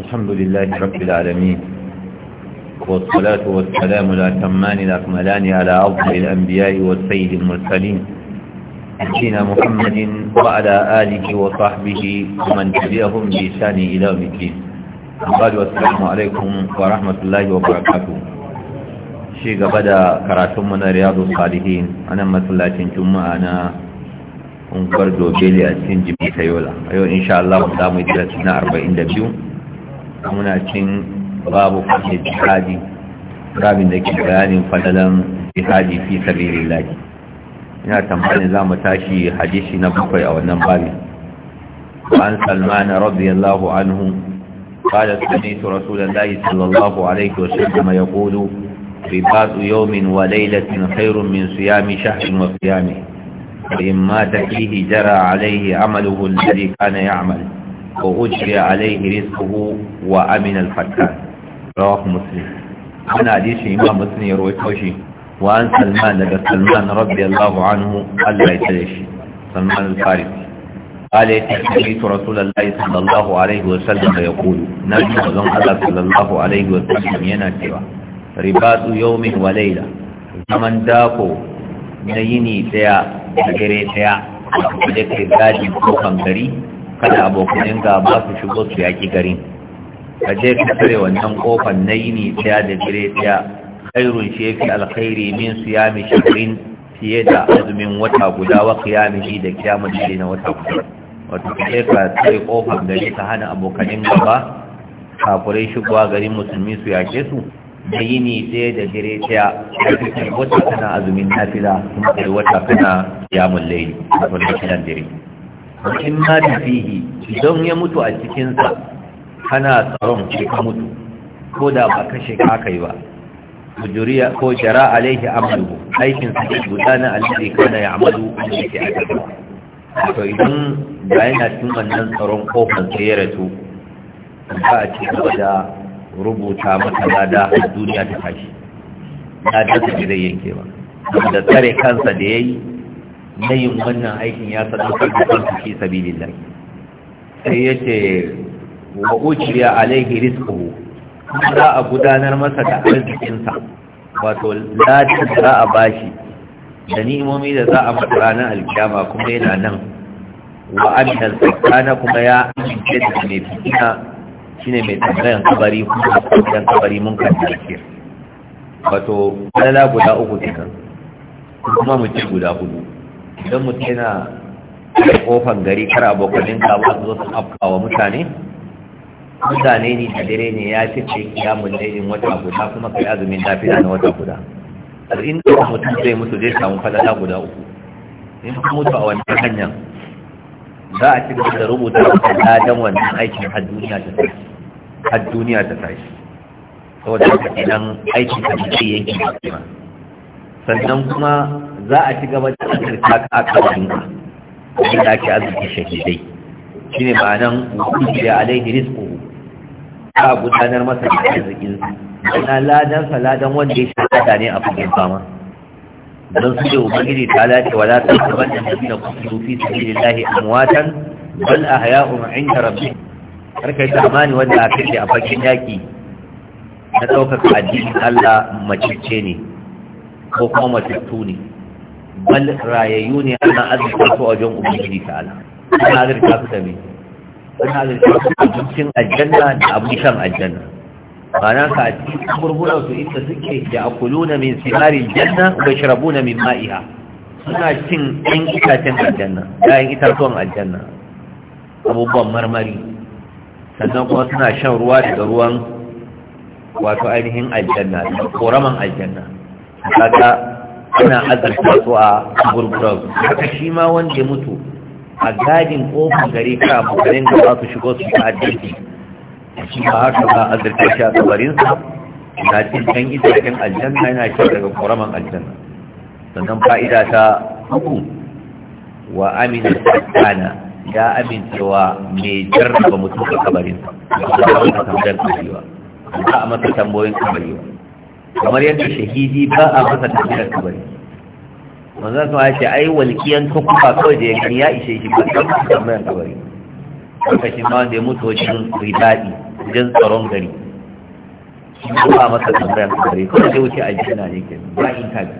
الحمد لله رب العالمين والصلاة والسلام الأتمان الأكملان على أفضل الأنبياء والسيد المرسلين سيدنا محمد وعلى آله وصحبه ومن تبعهم بإحسان إلى يوم الدين قالوا السلام عليكم ورحمة الله وبركاته شيء بدا كراتمنا رياض الصالحين أنا مسلاتين جمعة أنا unguwar dobeli a cikin jimi sayola a yau insha Allah mu damu da 42 muna cin babu fadin jihadi rabin da ke bayanin fadalan jihadi fi sabilillahi ina tambayin za mu tashi hadishi na bakwai a wannan babi an salman radiyallahu anhu قال سمعت رسول الله صلى الله عليه وسلم يقول رباط يوم وليلة خير من صيام شهر وصيامه فإن مات فيه جرى عليه عمله الذي كان يعمل ba'ujiya alaihi rizquhu wa amina al-fakka rawah muslim ana hadisi imam muslim ya rawaito shi wa an salman daga salman radiyallahu anhu Allah ya tsare shi salman al-farid qala ta'tu rasulullahi sallallahu alaihi wa sallam ya qulu nabi zan Allah sallallahu alaihi wa sallam yana cewa ribatu yawmin wa layla zaman dako na yini daya da dare daya da kuma da kai gadi ko kan gari kada abokanin gaba su shigo su yaƙi garin ka je ka tsare wannan kofar na yini ɗaya da dire ɗaya khairun shefi alkhairi min siyami shahrin fiye da azumin wata guda wa shi da kiyamun shi na wata guda Wata ka je ka tsare kofar gari ka hana abokanin gaba kafurai shigowa garin musulmi su yaƙe su Na yini ɗaya da dire ɗaya wata kana azumin nafila kuma kai wata kana kiyamun laili wato da kiran dare in na da fihi idan ya mutu a cikinsa kana tsaron ce ka mutu ko da ba kashe ka yi ba mujuriya ko jara alaihi amalu aikin sa ne na alaihi kana ya amalu wanda yake a to idan ba yana cikin wannan tsaron kofar sai ya rasu ba a ci gaba da rubuta mata lada a duniya ta tashi na da yanke ba da tsare kansa da ya yi na yin wannan aikin ya sadaukar da kansa fi sabilillah sai ya yace wa ujiya alaihi rizquhu za a gudanar masa da arzikinsa wato latin za a bashi da ni'imomi da za a faɗi ranar alkiyama kuma yana nan wa aminan tsakana kuma ya amince da mai fitina shine mai tambayan kabari kuma tambayan kabari mun kan jirgin wato kalala guda uku kenan kuma mutum guda hudu idan mutum yana kofan gari kar abokanin kawo su zo su afkawa mutane mutane ne da dare ne ya ce ce kiyamun lailin wata guda kuma kai azumin lafiya na wata guda a inda mutum zai mutu zai samu falala guda uku in ka mutu a wannan hanyar za a ci gaba da rubuta ladan wannan aikin har duniya ta tashi har duniya ta tashi saboda haka idan aikin ka zai ba, sannan kuma za a ci gaba da azurta a kawai ba da ake azurta shahidai shi ne ba nan, ma'anan da alaihi rizku a gudanar masa da arzikinsa na ladansa ladan wanda ya shahada ne a fagen fama don su da ubangiji ta lati wala ta saban da nabi na kusuru fi sabilillahi amwatan bal ahya'un inda rabbi karkai tsammani wanda aka ce a fagen yaki na ɗaukaka addinin Allah macece ne ko kuma matattu ne bal rayayyu ne ana azurta su a wajen ubangiji ta'ala ana azurta su da me ana azurta su abincin aljanna da abin aljanna ma'ana ka ci burbura su inda suke da akuluna min sinarin janna wa sharabuna min ma'iha suna cin ɗan itacen aljanna ɗayan itatuwan aljanna abubuwan marmari sannan kuma suna shan ruwa daga ruwan wato ainihin aljanna da koraman aljanna kaga ana azurta su a gurgurar haka shi ma wanda ya mutu a gadin kofin gari ka abokanin da za su shigo su ta A shi ma haka ba azurta shi a kabarinsa na cin can aljanna yana shi daga ƙoraman aljanna sannan fa'ida ta uku wa amina tsakana ya amincewa mai jarraba mutum a kabarinsa ba a masa tambayin kabarewa a kamar yadda shahidi ba a masa tafiyar kabari manzo kuma a ce ai walkiyan tukufa kawai da ya gani ya ishe shi ba ta tafiyar kabari lokacin ma wanda ya mutu wajen ribaɗi wajen tsaron gari shi ba a masa tafiyar kabari kawai zai wuce na ne ke ba in ka bi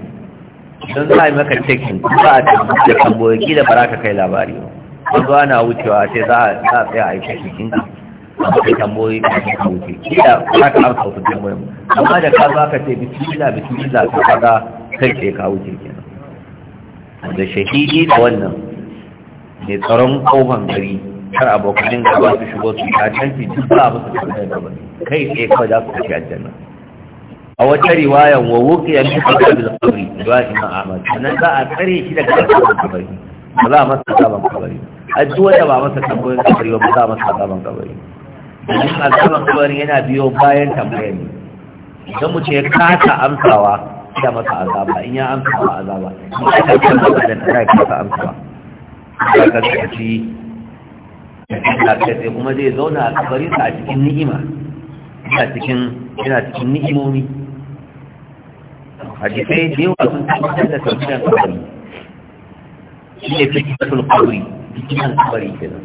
don sa maka cikin ba a tambayoyi, kila da baraka kai labari ba Wanzu na wucewa sai za a tsaya a shi kinka a kai tamboyi ka yi ka wuce za ka amsa wata tamboyin amma da ka za ka ce bismillah bismillah ka faɗa, kai ke ka wuce kenan da shahidi da wannan mai tsaron kofan gari kar abokanin gaba su shigo su ta canfi duk ba musu kamar gaba kai tsaye kawai za su tafi aljanna a wata riwayan wa wuke ya nufi da bil qabri riwa imam ahmad sannan za a tsare shi daga azaban kabari ba za a masa azaban kabari addu'a da ba masa tambayoyin kabari ba za a masa azaban kabari domin azaban kabari yana biyo bayan tambaya ne idan mu ce kasa amsawa da masa azaba in ya amsa azaba in ya kasance da ta kai kasa amsa ya ina ya kuma zai zauna a sa a cikin ni'ima yana cikin yana cikin ni'imomi da yawa sun tabbatar da tafiyar kabari shi ne fitnatul kabari fitnan kabari kenan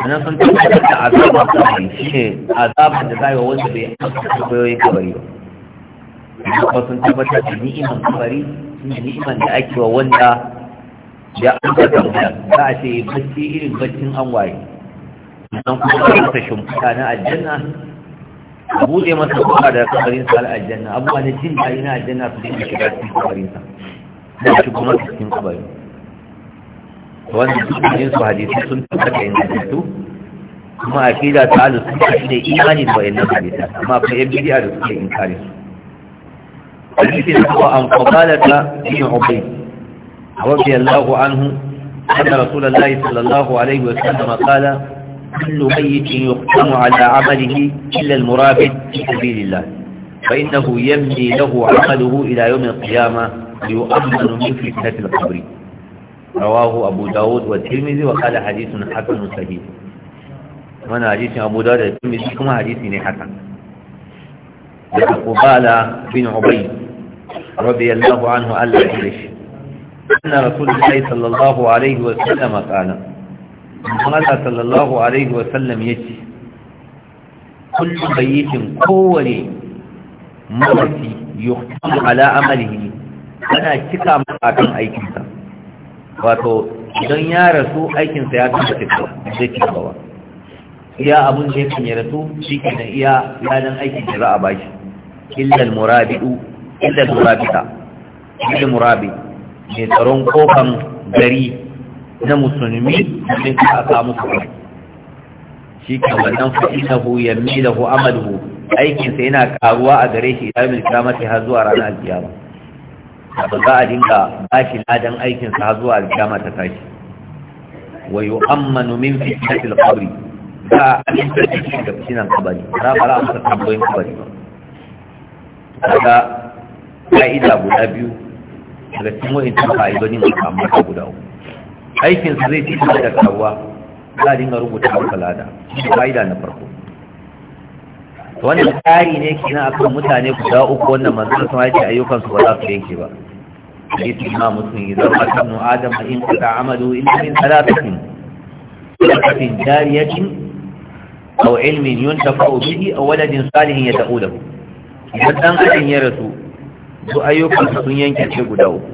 anan sun tabbatar da azabar shi shine azabar da zai wa wanda bai koyoyin kabari ba kuma sun tabbatar da ni'iman kabari shine ni'iman da ake wa wanda ya ambata za a ce bacci irin baccin an waye sannan kuma za ta shimfiɗa na aljanna a buɗe masa kuma da kabarin sa aljanna abubuwa na jin daɗi na aljanna su ne shiga cikin kabarin sa da shi kuma cikin kabarin wanda dukkanin su hadisi sun tabbata ingantattu kuma akida ta alu sun kashi ne imani da wayannan hadisi amma akwai yan bidiya da suke inkari su hadisi na kuwa an kwabala ta bin ubai rabbi allahu anhu anna rasulullahi sallallahu alaihi wa sallam qala kullu mayyitin yuqtamu ala amalihi illa al-murabid fi sabilillah فإنه يملي له عمله إلى يوم القيامة ليؤمن من فتنة القبر rawahu abu dawud wa tirmizi wa qala hadithun hasanun sahih wannan hadisin abu dawud da tirmizi kuma hadisi ne hasan daga qubala bin ubay radiyallahu anhu Allah ya rishi anna rasulullahi sallallahu alaihi wa sallam qala Allah sallallahu alaihi wa sallam yace kullu bayyitin kowani mawafi cika akan aikinsa wato don ya rasu aikinsa ya tafi tafiya zai ci gaba iya abin da yakan ya rasu shi ke na iya ladan aikin da za a bashi illal murabidu illal murabita illal murabi mai tsaron kofan gari na musulmi domin ka aka musu ba shi ke wannan fa'inahu yammilahu amaluhu aikinsa yana karuwa a gare shi ya milkamata har zuwa ranar alkiyama ba za a dinga shi ladan aikin sa zuwa alkyama ta tashi wa yu'ammanu min fitnati qabri za a dinga tashi da fitinan kabari ra ba a masa tambayoyin kabari ba kaga ka'ida guda biyu daga cikin wa'incan fa'idodin da kamar ta guda uku aikin sa zai ci da karuwa za a dinga rubuta maka lada fa'ida na farko wannan tsari ne kina akan mutane guda uku wannan manzon sun haice ayyukan su ba za su yanke ba حديث الإمام مسلم إذا مات ابن آدم إن قطع عمله إلا من ثلاثة صدقة جارية أو علم ينتفع به أو ولد صالح يدعو له إذا كان أن يرسو su ayyukan sun yanke ce guda uku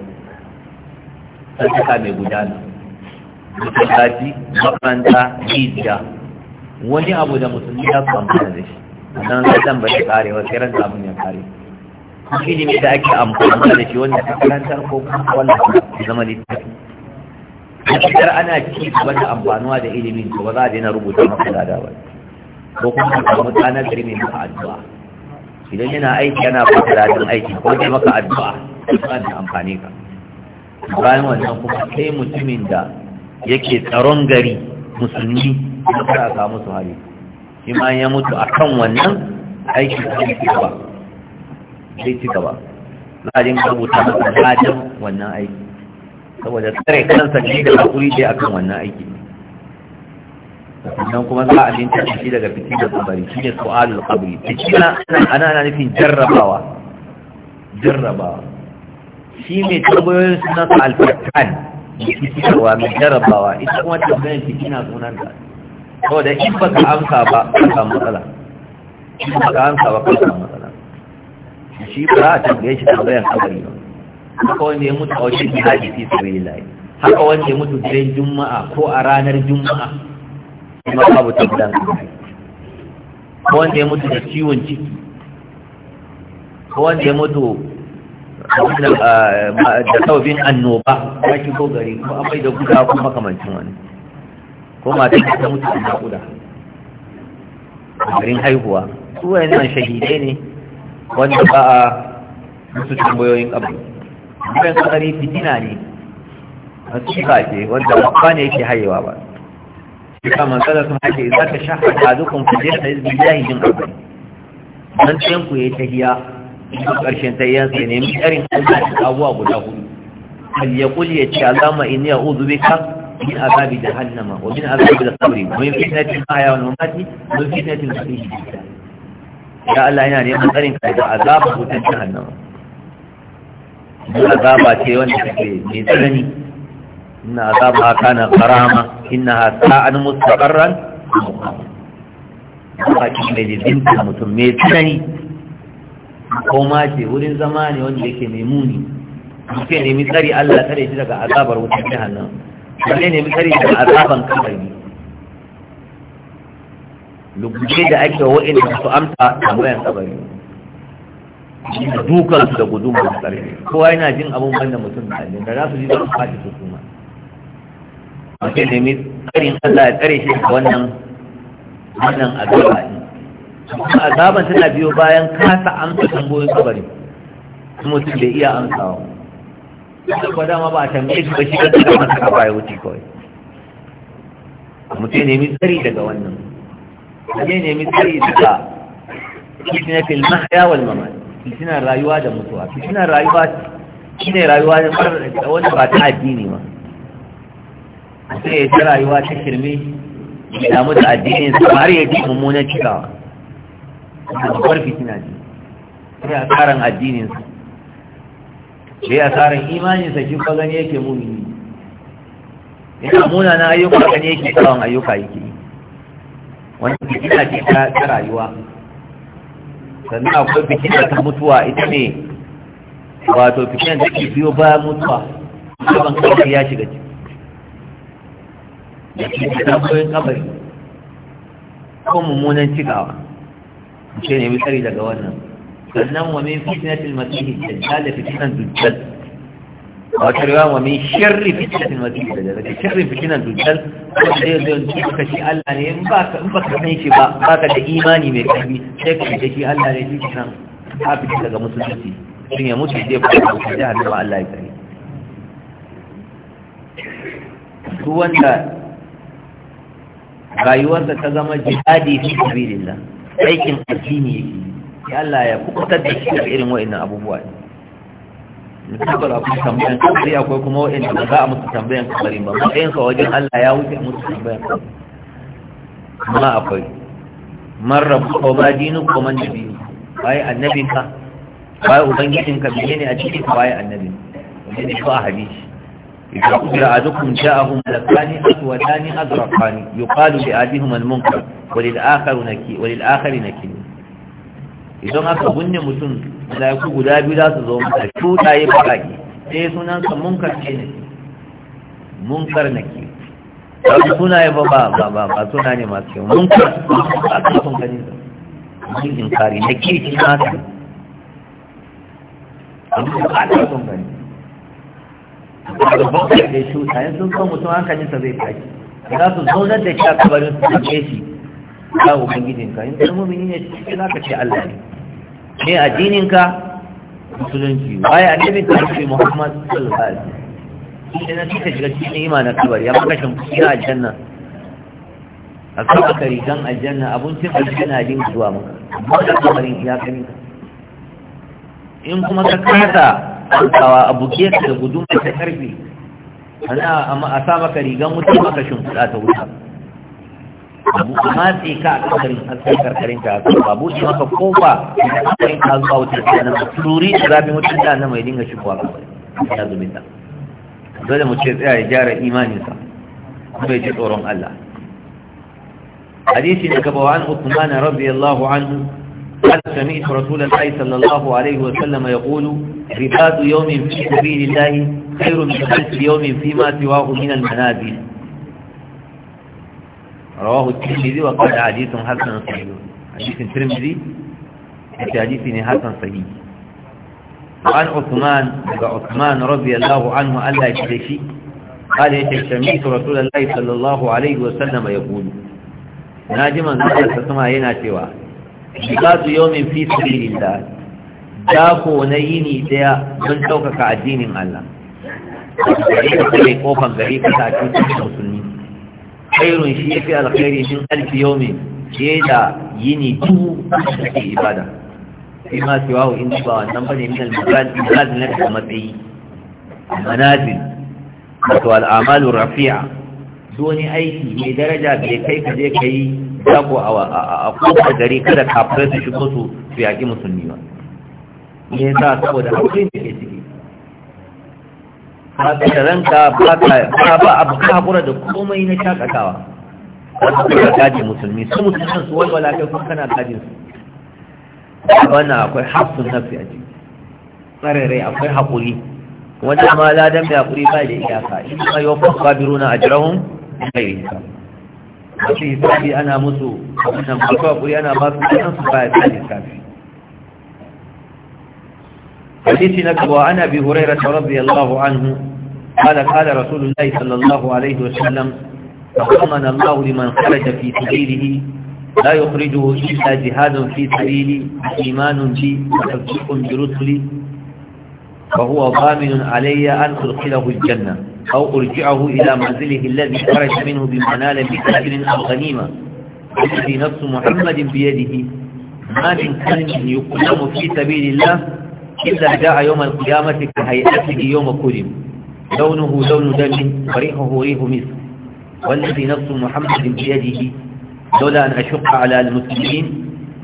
sadaka mai gudana masallaci makaranta rijiya wani abu da musulmi ya kamfana da shi nan zai ba shi karewa sai ran abin ya kare ilimi da ake amfani da shi wanda ta karantar ko wanda zama littafi a ana ci gaba da amfanuwa da ilimin to ba za a daina rubuta maka lada ba ko kuma ka samu tsanar gari mai maka addu'a idan yana aiki yana da ladan aiki ko zai maka addu'a ba da amfani ka bayan wannan kuma sai mutumin da yake tsaron gari musulmi ya ka samu su hali shi ma ya mutu akan wannan aiki da ba zai ci gaba za a dinga rubuta masa ladan wannan aiki saboda tsare kansa ne da haƙuri dai akan wannan aiki sannan kuma za a linta shi daga fitinar kabari shi ne su'alul kabari fitina ana nufin jarrabawa jarrabawa shi mai tambayoyin suna sa alfarkan mai fitinarwa mai jarrabawa ita kuma tambayin saboda in amsa ba ka samu matsala in amsa ba ka samu matsala shi ba a tambaye shi tambayar kabari ba haka wanda ya mutu a wajen jihadi fi lai haka wanda ya mutu gidan juma'a ko a ranar juma'a kuma babu tabbatar ko wanda ya mutu da ciwon ciki ko wanda ya mutu da ah, saubin annoba ya ki ko gari ko amai da guda ko makamancin wani ko matan ta mutu da guda garin haihuwa su wayannan shahidai ne wanda ba a musu tambayoyin abu bayan kadari fitina ne a cika ce wanda ba ne yake hayewa ba shi kama kada sun hake za ka sha haka dukkan fiye da izbi jahi jin abu dan ciyan ku yayi tahiya duk karshen tahiya sai ne mi karin kuma da abuwa guda hudu hal kuli ya ce alama inni a'udhu bika min azabi da wa min azabi al-qabr wa min fitnatin al-mahya wal mamati wa min fitnati al-mahya ya Allah yana neman tsarin ka da azaba wutan jahannama azaba ce wanda take mai tsanani inna azaba kana qarama innaha sa'an mustaqarran haƙi mai lizinta mutum mai tsanani ko ma ce wurin zama ne wanda yake mai muni mutum nemi tsari Allah tsare shi daga azabar wutan jahannama sai nemi tsari daga azaban kabari luguje da ake da su amsa tambayan tsabari da dukansu da guduma da karfi kowa yana jin abun banda mutum da aljin da za su ji da su fashe su kuma a ce nemi tsarin allah ya tsare shi da wannan wannan azaba ne kuma azaban suna biyo bayan kasa amsa tambayoyin tsabari kuma mutum bai iya amsawa ko dama ba a tambaye shi ba shi kan da masa kaba ya wuce kawai mutum nemi tsari daga wannan ya yi tsari daga fitnatil mahya wal mamat fitnar rayuwa da mutuwa fitnar rayuwa shine rayuwa da wani ba ta addini ba sai ya ta rayuwa ta shirme ya damu da addinin sa har ya ji mummunan cikawa da babbar fitina ce sai a karan addinin sa sai a karan imanin sa shi ko gani yake mumini yana muna na ayyuka gani yake tsawon ayyuka yake wani gina ce ta rayuwa sannan akwai da ta mutuwa ita ne wato fitina da ke biyo baya mutuwa saman kawai ya shiga ciki da ke fitakoyin kabari ko mummunan cikawa ce ne misali daga wannan sannan wa min fitinatil masihi dajjal da fitinan dujjal wata riwa wa min sharri fitnatin masih da daga sharri fitnan dukkan wanda zai zo ka shi Allah ne in ba ka in shi ba ba da imani mai karfi sai ka da shi Allah ne shi kan hafi daga musulunci ya mutu da jihar da Allah ya kare wanda ta zama jihadi fi sabilillah aikin addini yake ya Allah ya kubutar da shi irin wa'annan abubuwa ne musabar akwai tambayan kabari akwai kuma waɗanda ba za a musu tambayan kabari ba matsayinsa wajen Allah ya wuce musu tambayan kabari ma akwai man ko ma dinu ko man nabi bai annabin ka bai ubangijin ka biye ne a cikin ka bai annabi wanda ne ko a hadisi idan kudira azukum ja'ahum malakani aswadani azraqani yuqalu li adihum al-munkar wa lil akhari nakir wa lil akhari nakir idan aka bunne mutum malaiku guda biyu za su zo masa yi baƙaƙe sai eh, sunansa munkar ce ne munkar na ke wani sunaye ba ba ba ba ba suna ne masu kyau munkar a kafin ganin su. mun kari na ke ci nasa amma ba a kafin ganin da bakwai da cuta yanzu kan mutum hankalinsa zai tashi za su zaunar da shi a kabarin su ke shi ka ubangijinka in kai mu'mini ne cikin zaka ce Allah ne ne addininka musulunci waye annabi ka ce Muhammad sallallahu alaihi wasallam shi ne kika shiga cikin imanin kabari amma kashin kuɗi a janna a kan aka rigan aljanna abincin aljanna din zuwa maka amma da kamarin ya kani in kuma ka kasa kawa a ka da gudun ta karfe ana amma a sa maka rigan wuta maka shimfiɗa ta wuta abu amma sai ka a kamarin hasken karkarin ta haka ba buɗe maka kofa da karkarin ta zuwa wutar ta nan tururi da zafin wutar ta nan mai dinga shigowa kamarin ya zubi ta dole mu ce tsaya ya gyara imaninsa kuma ya ji tsoron Allah حديث نكبه عن عثمان رضي الله عنه قال سمعت رسول الله صلى الله عليه وسلم يقول رباط يوم في سبيل الله خير من ألف يوم فيما سواه من المنازل rawahu tirmidhi wa qala hadithun hasan sahih hadithin tirmidhi yace hadithi ne hasan sahih an Uthman daga Uthman radiyallahu anhu Allah ya قال يتشميت رسول الله صلى الله عليه وسلم يقول ناجما نقل هنا سوا شقات يوم في سبيل الله dako na yini daya don ɗaukaka addinin Allah. Gari ka kai kofan gari ka musulmi. khairun shi yafi alkhairi min alfi yawmi fiye da yini dubu da ibada sai ma wa in ba wannan bane min al-mazal na da matsayi manazil wato al'amalu rafi'a doni aiki mai daraja bai kai ka je kai dako a kofar gari kada kafirai su shigo su su yaƙi musulmi ba me yasa saboda hakuri da ke ba ka ranka ba ka abu ka haƙura da komai na shakatawa ka kaji musulmi su musulman su wani wala kai kuma kana kajin su wannan akwai hafsun nafi a ciki tsarare akwai haƙuri wanda ma ladan mai haƙuri ba da iyaka in ma yau fa sabiruna ajrahum yi hisab wasu hisabi ana musu wannan ba haƙuri ana ba su kasan su ba ya tsaye hisabi حديث نكب عن أبي هريرة رضي الله عنه قال قال رسول الله صلى الله عليه وسلم تضمن الله لمن خرج في سبيله لا يخرجه إلا جهاد في سبيلي إيمان بي وتصديق برسلي فهو ضامن علي أن أدخله الجنة أو أرجعه إلى منزله الذي خرج منه بمنال بأجر أو غنيمة الذي نفس محمد بيده ما من كان يقدم في سبيل الله idan da a yawan kiyamata ka haifafi iyo makurim launuhu launu dani farihu hori wanda fi nafsu muhammadin fiye da yi dole an ashuka ala al-musulmin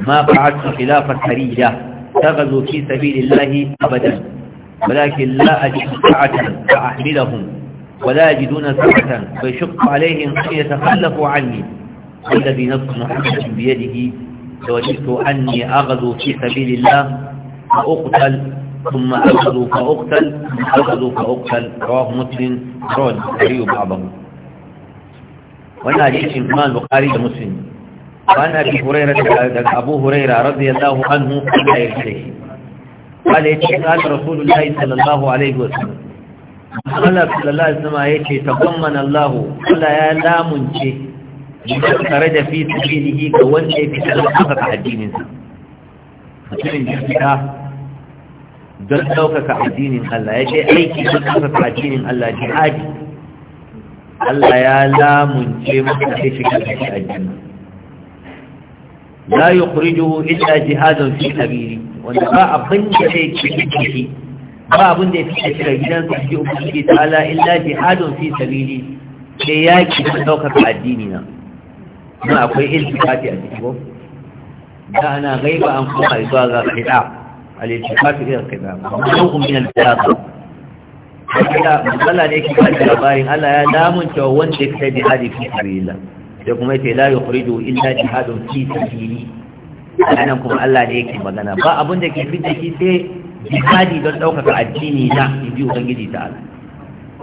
ma ba a su filafar hariya ta ga zofi sabi lillahi abadan balakin la'aji sa'atan ta ahmilahun balaji duna sa'atan bai shuka alaihin sai ya tafallafo anni wanda fi nafsu muhammadin fiye da yi da wajen to anni a ga zofi sabi lillahi فأقتل ثم أخذوا فأقتل ثم أخذوا فأقتل رواه مسلم روى البخاري بعضه وانا حديث ما البخاري ومسلم وعن أبي هريرة أبو هريرة رضي الله عنه قال يرسله قال قال رسول الله صلى الله عليه وسلم قال صلى الله عليه وسلم يتي تضمن الله قال يا لا منشي لمن خرج في سبيله كون في سلامة الدين mutumin jirgita don ɗaukaka addinin Allah ya ce aiki don ɗaukaka addinin Allah jihadi Allah ya lamunce maka sai shiga da shi aljanna la yukhrijuhu illa jihadun fi sabili wanda ba abin da zai kike shi ba abin da yake shiga gidan sa shi ubangiji ta'ala illa jihadun fi sabili sai ke don ɗaukaka addini na kuma akwai iltifati a cikin ko da ana gaiba an kuma zuwa ga hidab al-iltifat ila al-qibla mawdu'un min al-jihad haka Allah ne ke ba da labarin Allah ya cewa wanda ya kai jihadi fi sabilillah Sai kuma yace la yukhriju illa jihadun fi sabili anan kuma Allah ne yake magana ba abin da ke fitta ki sai jihadi don daukaka addini na inji ubangiji ta'ala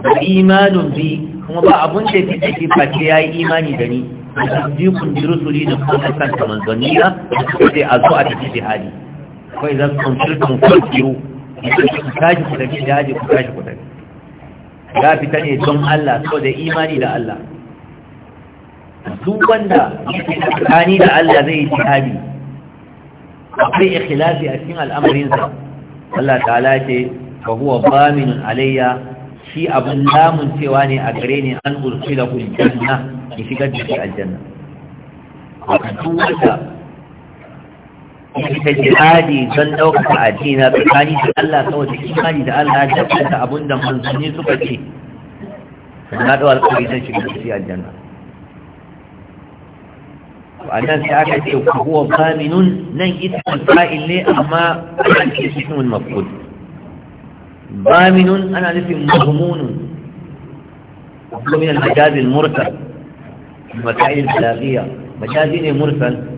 da imanun bi kuma ba abin da ke fitta shi face yayi imani da ni da tasdiqun bi rusuli da kuma kan manzanni da sai a zo a tafi jihadi wai za su kunturkan kwanciyo ku tashi ku tafi da aji ku tashi ku tafi ya fita ne don Allah so da imani da Allah duk wanda yake tsakani da Allah zai yi jihadi akwai ikhlasi a cikin al'amarinsa Allah ta'ala ce fa huwa baminun alayya shi abun lamun cewa ne a gare ni an ursila kul janna ki shiga da aljanna duk wanda ta jihadi don ɗaukaka addina tsakani da Allah saboda imani da Allah da kanta abin da manzanni suka ce na ɗau alƙari zan shiga tafi aljanna a nan sai aka ce ku huwa kaminun nan ismul fa'il ne amma ana ce ismul maf'ul baminun ana nufin mazmunun ko min al-majaz al-mursal masail al majazi ne mursal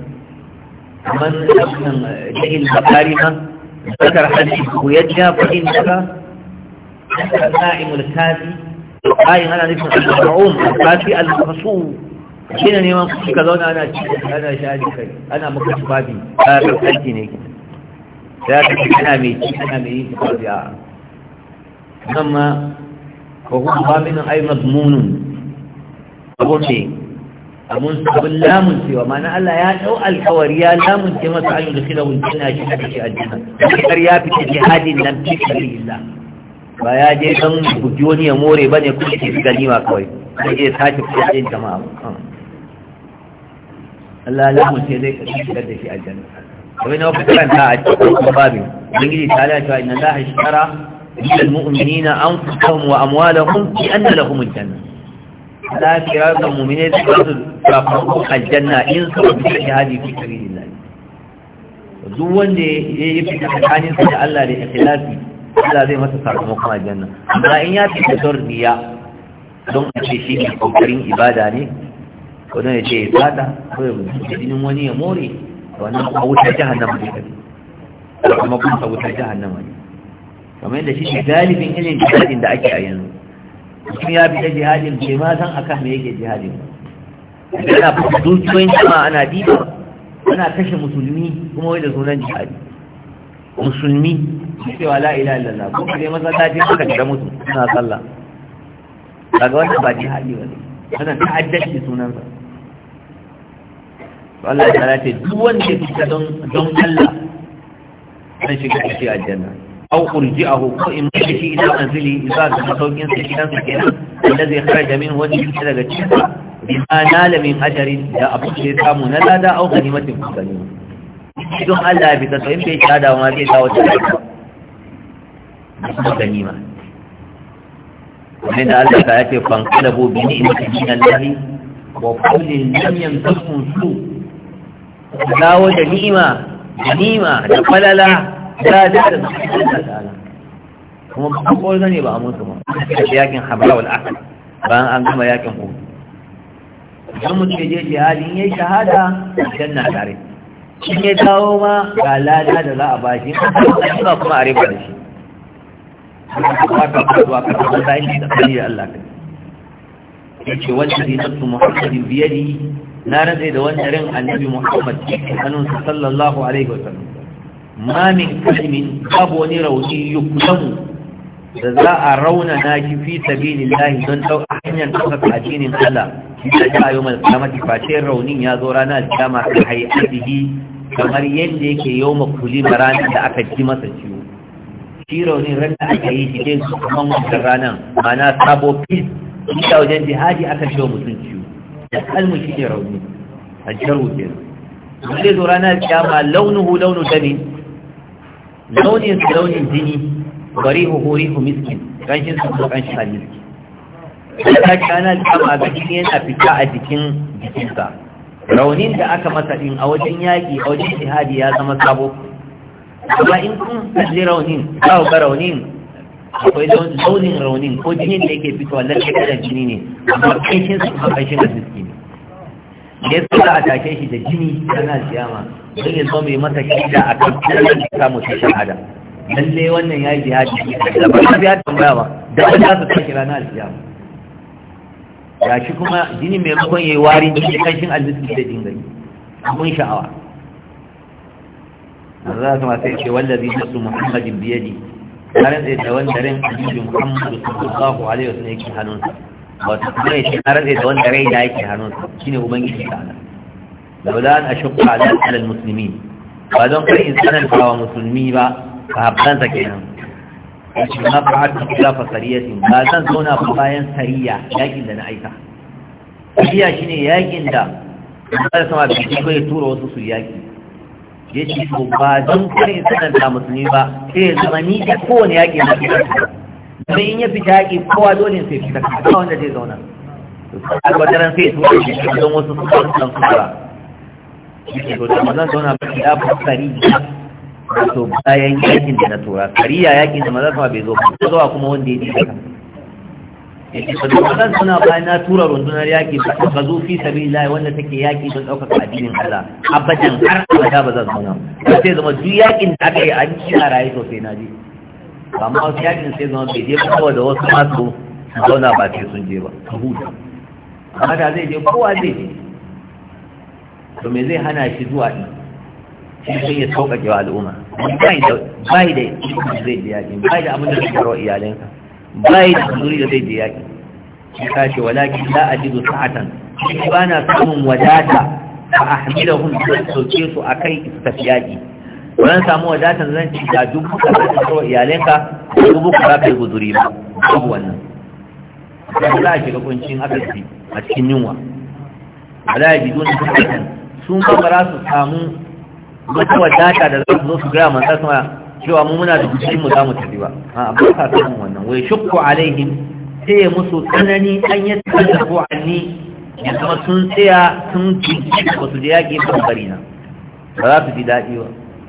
kamar jahil bakari ma zakar hadisi ku yadda fa'in daga na'imul kafi ana nufin al-ma'un kafi al-masu shi neman kuka zauna ana cikin ana shari kai ana maka tubabi ta karfanci ne za ka ci ana mai ci mai a nan ma ko kuma abun sabon lamun cewa mana Allah ya dau alkawari ya lamun ce masa an da wal na shi da shi aljanna kar ya fita jihadin nan fi illa. ba ya je dan buki wani ya more ba ne, ke ku gani ma kawai ta ya tashi kudin jama'a Allah lamun ce zai shigar da shi aljanna kawai na wakil karanta a cikin babin ubangiji ta ala cewa inna a shi kara al-mu'minina anfusahum wa amwalahum fi anna lahum al-janna la kira da mu'mine su ba su safafu aljanna in su da shahadi fi sabilillah duk wanda ya yi fita tsakanin sa da Allah da ikhlasi Allah zai masa sakamakon aljanna amma in ya fita don riya don a ce shi ne kokarin ibada ne ko don ya ce ya tsada ko ya jinin wani ya more wannan a wutar jahannama ne kuma kuma a wutar jahannama ne kamar yadda shi ne galibin irin jihadin da ake a yanzu mutum ya bi jihadin bai ma san akan me yake jihadin yana fita dukiyoyin jama'a ana diba ana kashe musulmi kuma wai da sunan jihadi musulmi cewa la ilaha illallah ko kare masallaci suka da musu suna sallah daga wannan ba jihadi ba ne wannan ta'addaci sunansa Allah ya ce duk wanda ya fita don Allah zai shiga shi cikin aljanna أو أرجعه ko in mai shi ina manzili ba ga masaukin sa kidan kenan inda zai fara da min wani shi daga cikin bi ma nala min da abu ke samu na lada au ganimatin ku gani idan Allah bi ta sai bai kada ma zai dawo da ku gani ma wannan Allah ta yake fan kada bo bi ni wa qulil lam yanzukum su dawo da ni'ima ni'ima da falala da da da ta'ala kuma ba ko zane ba a mutu ba a da yakin habra wal ahad bayan an gama yakin ku idan mutum ya je jihadi in yayi shahada na tare in ya dawo ma ga lada da za a ba shi? bashi in ba kuma a riba da shi ba ka fasuwa ka tabbata da shi da kani da Allah kai ce wanda zai tattu muhammadin biyadi na rantsa da wannan ran annabi muhammad sallallahu alaihi wasallam ma min kalimin babu wani rauni yuklamu da za a rauna na shi fi sabilin lahi don a hanyar ɗaukaka addinin Allah shi ta ji ayo mai kamati face raunin ya zo ranar jama a haihadihi kamar yadda yake yau makuli ma ranar da aka ji masa ciwo shi raunin ran da aka yi shi dai su kan wancan ranar mana sabo fil ita wajen jihadi aka ciwo mutum ciwo da kalmu shi ne rauni a jaru kenan zai zo ranar jama launuhu launu damin launin su launin jini bari hori hu miskin ƙanshin su ko ƙanshin almiski ta da kama a jini yana fita a jikin jikinsa raunin da aka masa ɗin a wajen yaƙi a wajen jihadi ya zama sabo amma in kun kalli raunin za ga raunin akwai launin raunin ko jinin da yake fitowa lalle kalan jini ne amma ƙanshin su ko ƙanshin almiski ne da ya za a tashe shi da jini kana siyama don ya zo mai masa shida a kan kiran da samu shi shahada lalle wannan ya yi jihadi da ba ta biya tambaya ba da ba za su kira ranar alkiyama ya shi kuma jini makon ya yi wari kan kanshin aljisu da dingari abun sha'awa an za su masu yake wallazi nasu muhammadin biyadi tare tsaye da wanda ran annabi muhammadu sallallahu alaihi wasallam yake hannunsa su kuma ya ce tare tsaye da wanda rai da yake hannunsa shine ubangiji ta'ala لولا أن أشق على المسلمين وأدون كان إنسانا فهو مسلمي فهبتان تكينا سكينا ما فعلت خلاف سرية ما زن زونا بباين سرية لكن لنا أيسا سرية شيني ياكين دا قال سما بيجيكو وصوصو وسوسو ياكي يجي فبادون كان إنسانا فهو مسلمي كي زماني تكون ياكي sai in ya fita yaƙi kowa dole sai fita kuma wanda zai zauna alwadaran sai su wani shi don wasu su kan kan kura to da manzon zauna ba ya kari sariya to bayan yakin da na tura ya yakin da maza sama bai zo ba zuwa kuma wanda ya ji haka yake to da manzon zauna bayan na tura rundunar yaki ba ta zo fi sabilillah wanda take yaki don ɗaukaka addinin Allah abadan har abada ba zan zauna ba sai zama duk yakin da aka yi an ci a raye sosai na ji amma wasu yakin sai zama bai je ba da wasu masu zauna ba sai sun je ba a amma da zai je kowa zai je to me zai hana shi zuwa din shi sai ya sauƙaƙe wa al'umma bai da ikon da zai je yaƙi bai da abin da zai karo iyalinka bai da zuri da zai je yaƙi shi ka ce a la ajidu sa'atan shi ba na samun wadata a ahmila hun da sauke su a akai tafi yaƙi Wani samu wadatan zan ci da dubu ka zai karo iyalinka dubu ka za ka yi guzuri ba babu wannan ba za a shiga kuncin akasi a cikin yunwa ba za a ji duniya su ma ba za su samu wata wadata da za su zo su gaya manzan sama cewa mu muna da kuɗi mu za mu tafi ba a ba sa samun wannan wai shukku alaihim sai ya musu tsanani an yi tsanani ko anni ya zama sun tsaya sun jinki ba su da yaƙi ba bari na ba za su ji daɗi ba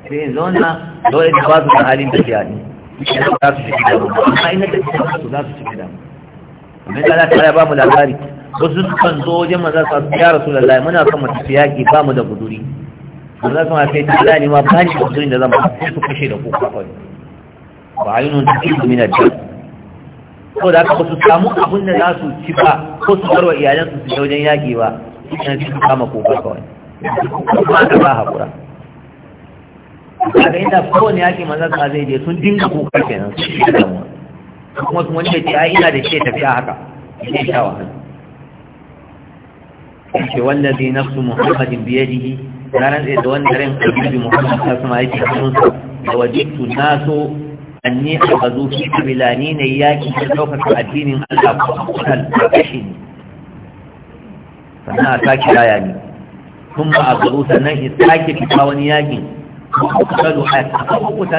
sai in zauna dole da ba su da halin tafiya ne za su ji damu amma ina da su za su ji damu kamar da Allah ta ba mu labari wasu kan zo wajen maza su ya rasulullahi muna kan mu tafi yaki ba mu da buduri za su ma sai ta ni ma ba ni budurin da zan ba sai su kashe da kuka ba wa nun ta min mina dam ko da ba su samu abin da za su ci ba ko su barwa iyalan su su wajen yaki ba sai su kama kuka ko ba ka ba hakura daga inda kowane yaki maza ka zai je sun dinga kuka kenan su mu. kuma wani da ce ina da ce tafiya haka ne sha wahala ce wanda wallazi nafsu muhammadin biyadihi na rantse da wani daren annabi muhammad ta sama yake hannunsa da wajibtu naso anni abazu fi bilani ne yaki da daukar addinin Allah ko kan kashi ne sannan a sake raya ne kun ba a garo sannan in sake fita wani yakin ko a kutalo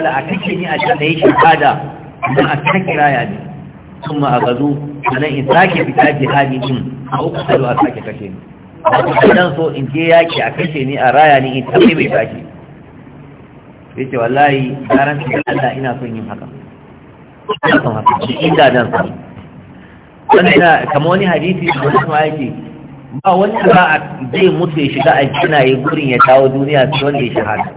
a kashe ni a can da ya shahada amma a ta kiraya ne sun ma a gazu sannan in sake fita jihadi din a uku salo a sake kashe ni nan so in je yaki a kashe ni a raya ni in tafi bai sake ya ce wallahi garanti da Allah ina son yin haka ina son haka inda dan sa wani na kama wani hadisi da wani kuma yake ba wani ba zai mutu ya shiga a jina ya gurin ya kawo duniya sai wanda ya shahada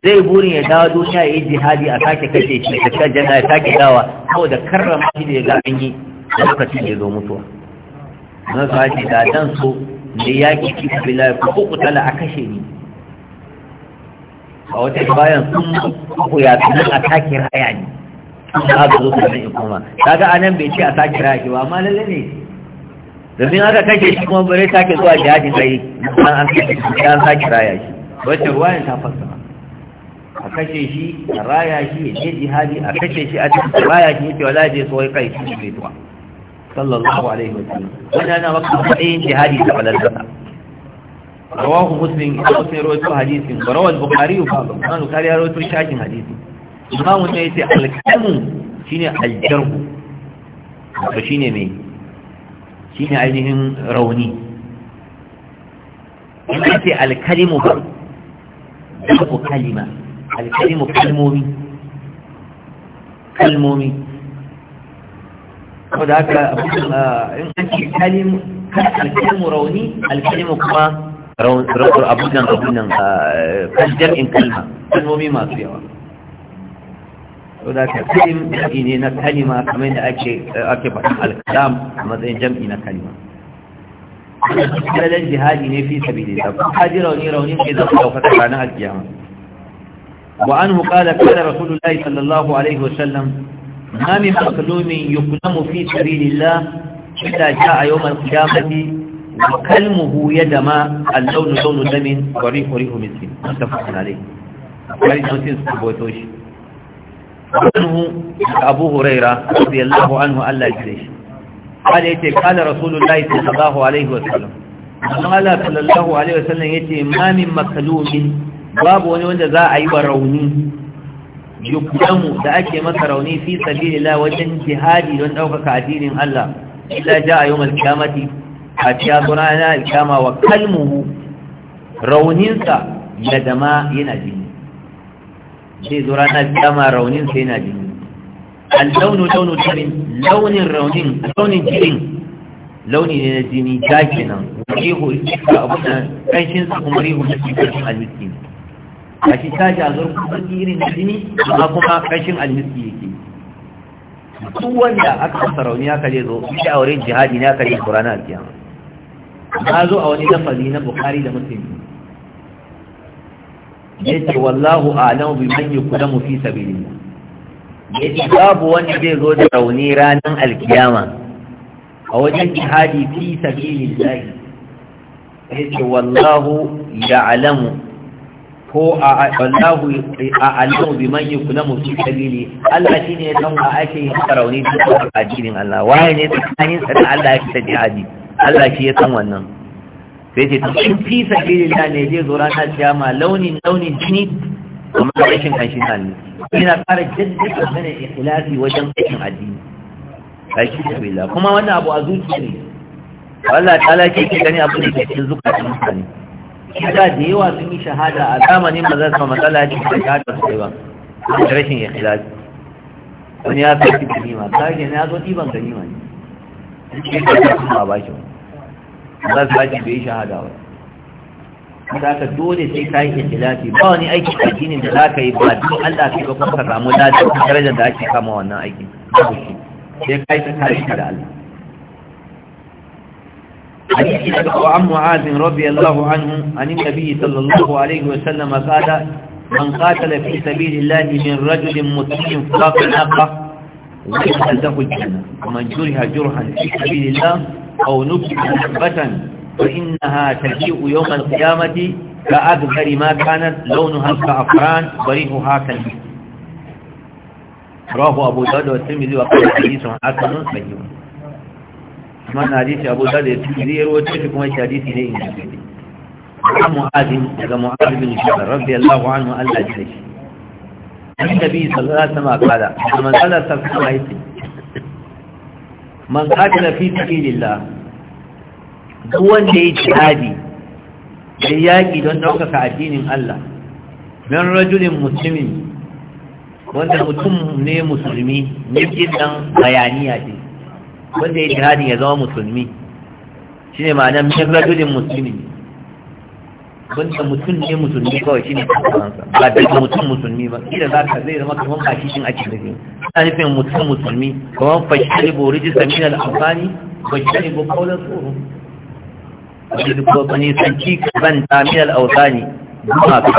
zai burin ya dawo duniya ya yi jihadi a sake kashe shi da kan jana ya sake dawa da karrama shi da ya ga an yi da lokacin da ya zo mutuwa na zuwa ce da dan so da yaƙi ki kabila ku ko kutala a kashe ni a wata bayan sun ku ya tunan a sake raya ne sun ba ga zo sannan in Ta ga anan bai ce a sake raya shi ba amma lalle ne domin aka kashe shi kuma bare sake zuwa jihadin sai an sake raya shi wacce ruwayan ta fassara a kashe shi a raya shi ya je jihadi a kashe shi a cikin raya shi yake wala je tsohon kai shi mai tuwa sallallahu alaihi wa sallam wani ana maka matsayin jihadi ta balalata rawahu muslim ya muslim rawaito hadisin wa rawal bukhari ba ba na ya rawaito shakin hadisi imamu ne yace alkamu shine aljarhu to shine me shine ainihin rauni in ce alkalimu ba ku kalima الكلمة كالمومي كالمومي وذاك كالم كالم روني الكلمة كما رون رون أبو جن أبو جن آه، كالجر إن كلمة كالمومي ما فيها وذاك كلم إننا كلمة كمان أكي أكي بعض الكلام مثلا جم إن كلمة هذا الجهاد ينفي سبيل الله هذه روني روني كذا وفتح عنا القيامة وعنه قال قال رسول الله صلى الله عليه وسلم ما من مظلوم يقلم في سبيل الله حتى جاء يوم القيامة وكلمه يد ما اللون لون دم وريح ريح مسكين متفق عليه وعليه مسكين سبوتوش عنه أبو هريرة رضي الله عنه ألا يجريش قال يتي قال رسول الله صلى الله عليه وسلم قال صلى الله عليه وسلم يتي ما من مكلوم babu wani wanda za a yi wa rauni yuklamu da ake masa rauni fi sabilillah wajen jihadi don ɗaukaka addinin Allah illa jaa yawmal qiyamati a cikin rana alkama wa kalmuhu rauninsa ya dama yana jini sai zo rana alkama rauninsa yana jini allaunu launu jirin launin raunin launin jirin launi ne na jini ja kenan rihu iska abu da ƙanshinsa kuma rihu na cikin almiski a shi tashi a zurfin sarki irin da jini amma kuma kashin almiski yake duk wanda aka masa rauni aka zai zo shi aure jihadi ne aka yi qur'ana alkiyama na zo a wani lafazi na Bukari da muslim yace wallahu a'lamu kula yuqdamu fi sabilillah yace babu wani zai zo da rauni ranar alkiyama a wajen jihadi fi sabilillah yace wallahu ya alamu. ko a wallahu a alimu bi man yuklamu fi sabili Allah shi ya san wa ake yin sarauni da addinin Allah waye ne tsakanin sa da Allah yake ta jihadi Allah shi ya san wannan sai ce in fi na ne zai zo ranar kiyama launin launin jini kuma rashin kanshin hannu ina fara jaddada sanin ikhlasi wajen aikin addini aikin sabilillah kuma wannan abu a zuciya ne Allah ta'ala ke gani abu da ke cikin zukatan mutane shahada da yawa sun yi shahada a zamanin ba za su matsala ce da ta su ba da rashin ya khilafi wani ya fi ganima kage na zo ɗiban ganima ne shi ka ta kuma ba shi ba za su bai shahada ba za ka dole sai ka yi khilafi ba wani aiki jini da za ka yi ba duk Allah sai ka kuma ka samu ladan darajar da ake kama wannan aiki sai ka yi ta kare da Allah وعن معاذ رضي الله عنه عن النبي صلى الله عليه وسلم قال من قاتل في سبيل الله من رجل مسلم فاق ناقة ويدخل الجنة ومن جرح جرحا في سبيل الله أو نبت نحبة فإنها تجيء يوم القيامة كأكبر ما كانت لونها كأفران وريحها كالمسك رواه أبو داود والترمذي وقال حديث حسن صحيح na hadisi abu da da zai yi rawaito shi kuma shi hadisi ne ingantacce an mu'azin daga mu'azin bin shabar rabbi allahu anhu allah ji da shi النبي صلى الله عليه وسلم قال من قال سبحانه من قاتل في سبيل الله duwan da ya jihadi da yaƙi don ɗaukaka addinin Allah min rajulin musulmin wanda mutum ne musulmi ne jinnan bayaniya ce wanda ya yi jihadin ya zama musulmi shi ne ma'ana min musulmi wanda mutum ne musulmi kawai shi ne ba da mutum musulmi ba shi da za ka zai zama kamar ba shi ake nufi ta nufin mutum musulmi kamar fashari bo rijista min amfani fashari bo kaular tsoro wani duk kaban ta kazanta min al'autani gumaka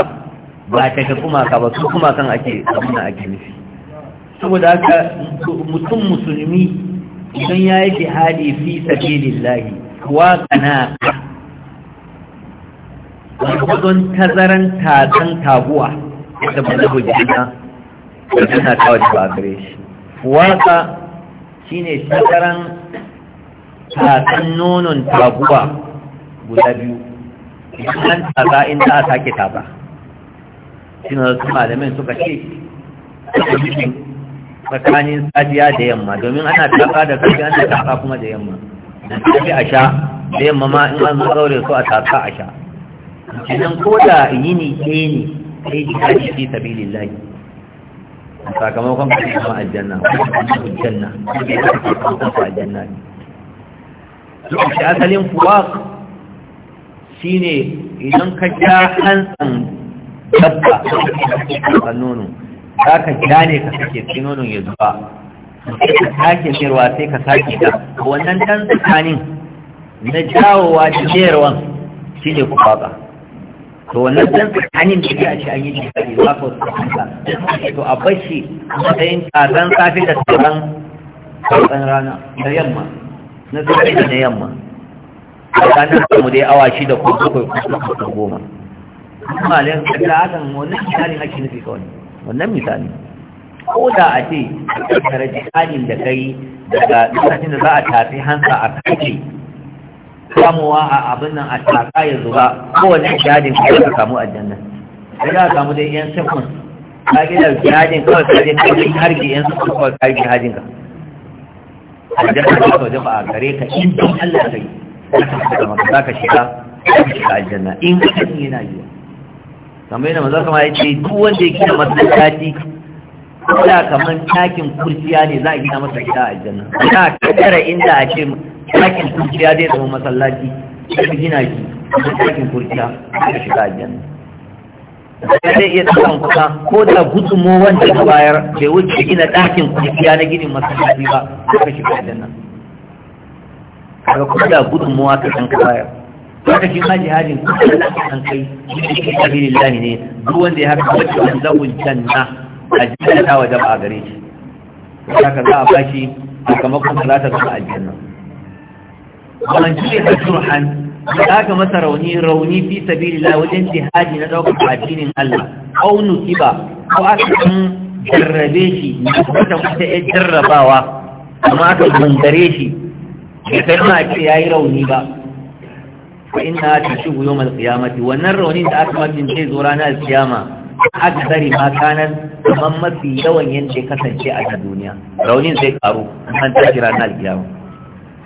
ba ta ka gumaka ba su gumakan ake abin da ake nufi saboda haka mutum musulmi idan ya yi jihadi fi sabilillahi wa kana gwargwadon tazaran tatsan taguwa da ba na hujjina da tana ta wajen ba gare shi waka shi ne tazaran tatsan nonon taguwa guda biyu idan an taza inda za a sake tatsa shi na su malamin suka ce tsakanin safiya da yamma domin ana taka da safiya ana taka kuma da yamma da safi a sha da yamma ma in an zaure su a taka a sha idan ko da yini ɗaya ne sai jihadi fi sabilillahi sakamakon kuma kuma aljanna aljanna kuma aljanna shi asalin kuwa ne idan ka ja hantsan dabba a nono za ka ne ka sake tsinonin ya zuba sai ka sake sayarwa sai ka sake ta wannan dan tsakanin na jawowa da sayarwan shi ne ku faɗa to wannan dan tsakanin da ya ce an yi kari za ka wasu kanta to a bashi matsayin tazan safi da tazan tazan rana na yamma na safi da na yamma tsakanin samu dai awa shida ko bakwai ko goma. Kuma alayin kada hakan wani shi ne ake nufi kawai. wannan misali ko da a ce tattara jihanin da kai daga lokacin da za a tafi hansa a kake samuwa a abin nan a taka ya zuba kowane jihadin kawai ka samu aljanna sai za ka samu dai yan sekund ka gina jihadin kawai ka je har harge yan sekund kawai ka jihadin ka aljanna ta kawai dafa a gare ka in don allah ka yi za ka shiga aljanna in kan yana yiwa kamar yana maza kama ya ce duk wanda ya gina masallaci koda kamar takin kurciya ne za a gina masa gida a aljanna na kaddara inda a ce takin kurciya zai zama masallaci fi gina shi da takin kurciya a shiga Ya zai iya tsakan kusa ko da gudunmo wanda ta bayar bai wuce gina ɗakin kurciya na ginin masallaci ba ka shiga aljanna kaga ko da gudunmo ka san ka bayar haka shi ma jihadin an kai shi sabilin lahi ne duk wanda ya haka wacce an lahun janna a jannata wa jama'a gare shi haka za a bashi a sakamakon talata zuwa aljanna wannan shi ne turhan da ka masa rauni rauni fi sabilillah wajen jihadi na daukar addinin Allah au nukiba ko aka jarrabe shi na wata wata ya jarrabawa amma aka gundare shi ya kai ma ce yi rauni ba fa ina tashubu yawm al-qiyamati wannan raunin da aka mafi zai zo ranar al-qiyama zari ma kanan kamar mafi yawan yadda ya kasance a ta duniya raunin zai karu an tashi ranar al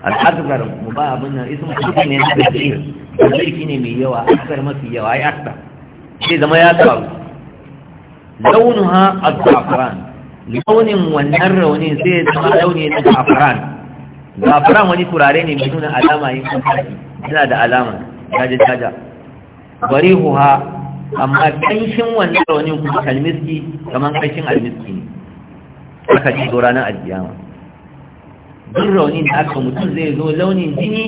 Al'adar mu ba abin nan ismu shi ne na da tafsir ne mai yawa akthar mafi yawa ya ta shi zama ya karu ha a zafaran launin wannan raunin sai zama launi na za'faran za'faran wani turare ne mai nuna alama yin kafara tana da alama jaja jaja barihuha amma kanshin wannan raunin kuma kalmiski kamar kanshin almiski ne aka ci zo ranar aljiyama duk raunin da aka mutum zai zo launin jini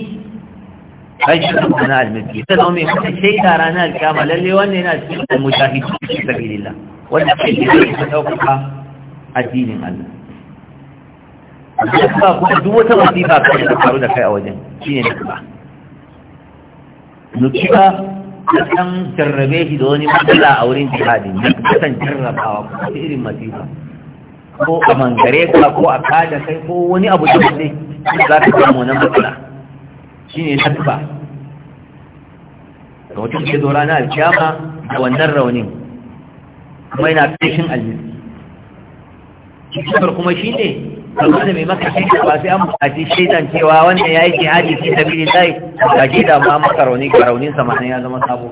kanshin kuma na almiski ta zama mai kuma ta ranar aljiyama lalle wannan yana cikin almujahidi cikin sabilillah wanda ke ke zai ta ɗaukaka addinin Allah ba kuma duk wata wasifa kai da faru da kai a wajen shi ne na ba da ɗan jarrabe shi da wani matsala a wurin jihadi na kasan jarrabawa ko irin masifa ko a mangare ka ko a kada kai ko wani abu da wani za ka samu na matsala shi ne tuba da wata ke zo rana alkiyama da wannan raunin kuma yana ƙarshen aljihu kuma shi ne amma mai maka shaida ba sai an buƙaci shaitan cewa wannan ya yi jihadi fi sabili lahi ga shaida ma maka rauni ga raunin sa ya zama sabo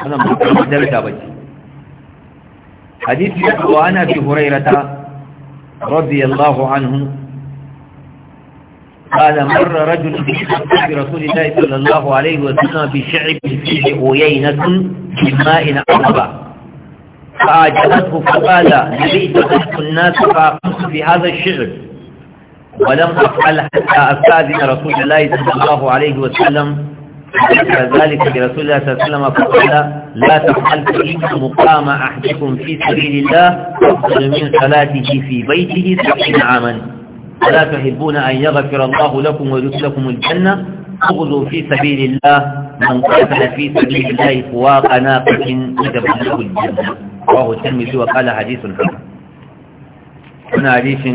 wannan ba kuma darja ba ce hadisi ya kawo ana fi hurairata radiyallahu anhu قال مر رجل برسول الله صلى الله عليه فأعجبته فقال لبئت أنت الناس فأقمت في هذا الشغل ولم أفعل حتى أستاذن رسول الله صلى الله عليه وسلم ذلك برسول الله صلى الله عليه وسلم فقال لا تفعل فإن مقام أحدكم في سبيل الله أفضل من صلاته في بيته سبعين عاما ولا تحبون أن يغفر الله لكم ويدخلكم الجنة اغزوا في سبيل الله من قتل في سبيل الله فواق ناقة وجب له الجنة رواه الترمذي وقال حديث حسن هنا حديث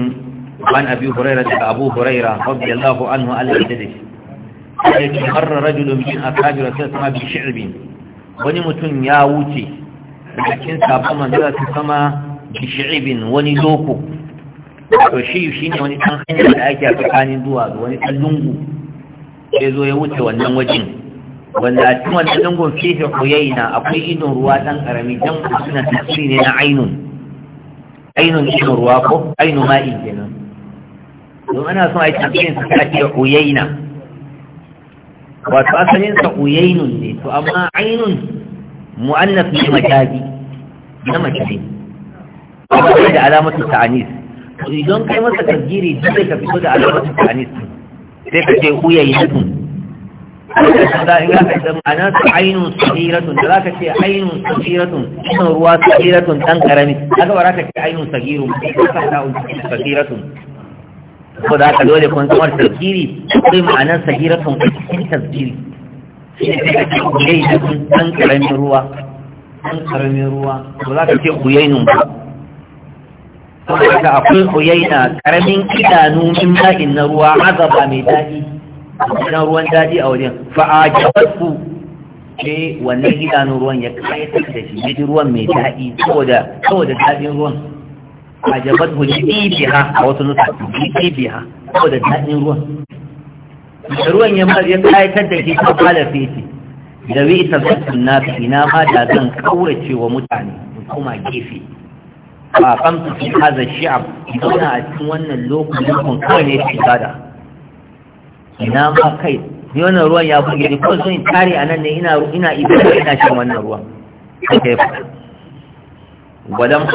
عن أبي هريرة أبو هريرة رضي الله عنه ألا يدرك مر رجل من أصحاب رسول الله بشعب wani mutum ya wuce cikin sabon manzara su sama bishiribin wani loko to shi shi ne wani ɗan hanyar da ake tsakanin duwatsu wani ɗan lungu sai zo ya wuce wannan wajen wanda a cikin wannan lungun fefe koyaina akwai idon ruwa ɗan ƙarami don suna tasiri ne na ainun ainun idon ruwa ko ainu ma'i kenan don ana son a yi tasirin su ta ce koyaina wato asalinsa koyainun ne to amma ainun mu'annaf ne majazi na mace ne akwai da alamatu ta'anis to idan kai masa tasiri duk da ka fito da alamatu ta'anis sai ka ce koyainatun ko da ka dole kun tsawar tafsiri sai ma'anar sahiratun cikin tasbiri shi ne kake kuyai da karamin ruwa dan karamin ruwa ba za ka ce kuyainun ba saboda akwai kuyaina karamin idanu min ma'in na ruwa azaba mai daɗi na ruwan daɗi a wajen fa'ajabatu ce wannan idanun ruwan ya kayatar da shi ya ruwan mai daɗi saboda saboda daɗin ruwan ajabatu libiha a wasu nusa libiha saboda daɗin ruwan Da ruwan ya ma ya kayatar da shi ta fara fiti da wi ta zattun na ina ma da zan kaurace wa mutane kuma gefe ba kamta fi haza shi'ab zauna a cikin wannan lokacin kun kawai ne shi bada ina ma kai ni wannan ruwan ya buge ni ko sun in tare a nan ne ina ina ibada ina shan wannan ruwan kake fa walam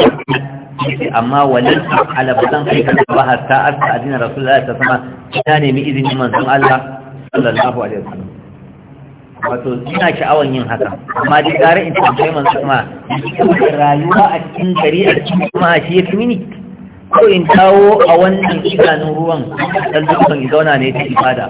amma walan ala bazan kai kan ba har ta arka adina rasulullahi ta sama ina nemi izinin manzon Allah sallallahu alaihi wasallam wato ina sha'awan yin haka amma dai gara in tambaye manzon Allah rayuwa a cikin gari a cikin kuma shi ya fi mini ko in dawo a wannan idanun ruwan dan dukkan zauna ne ta ibada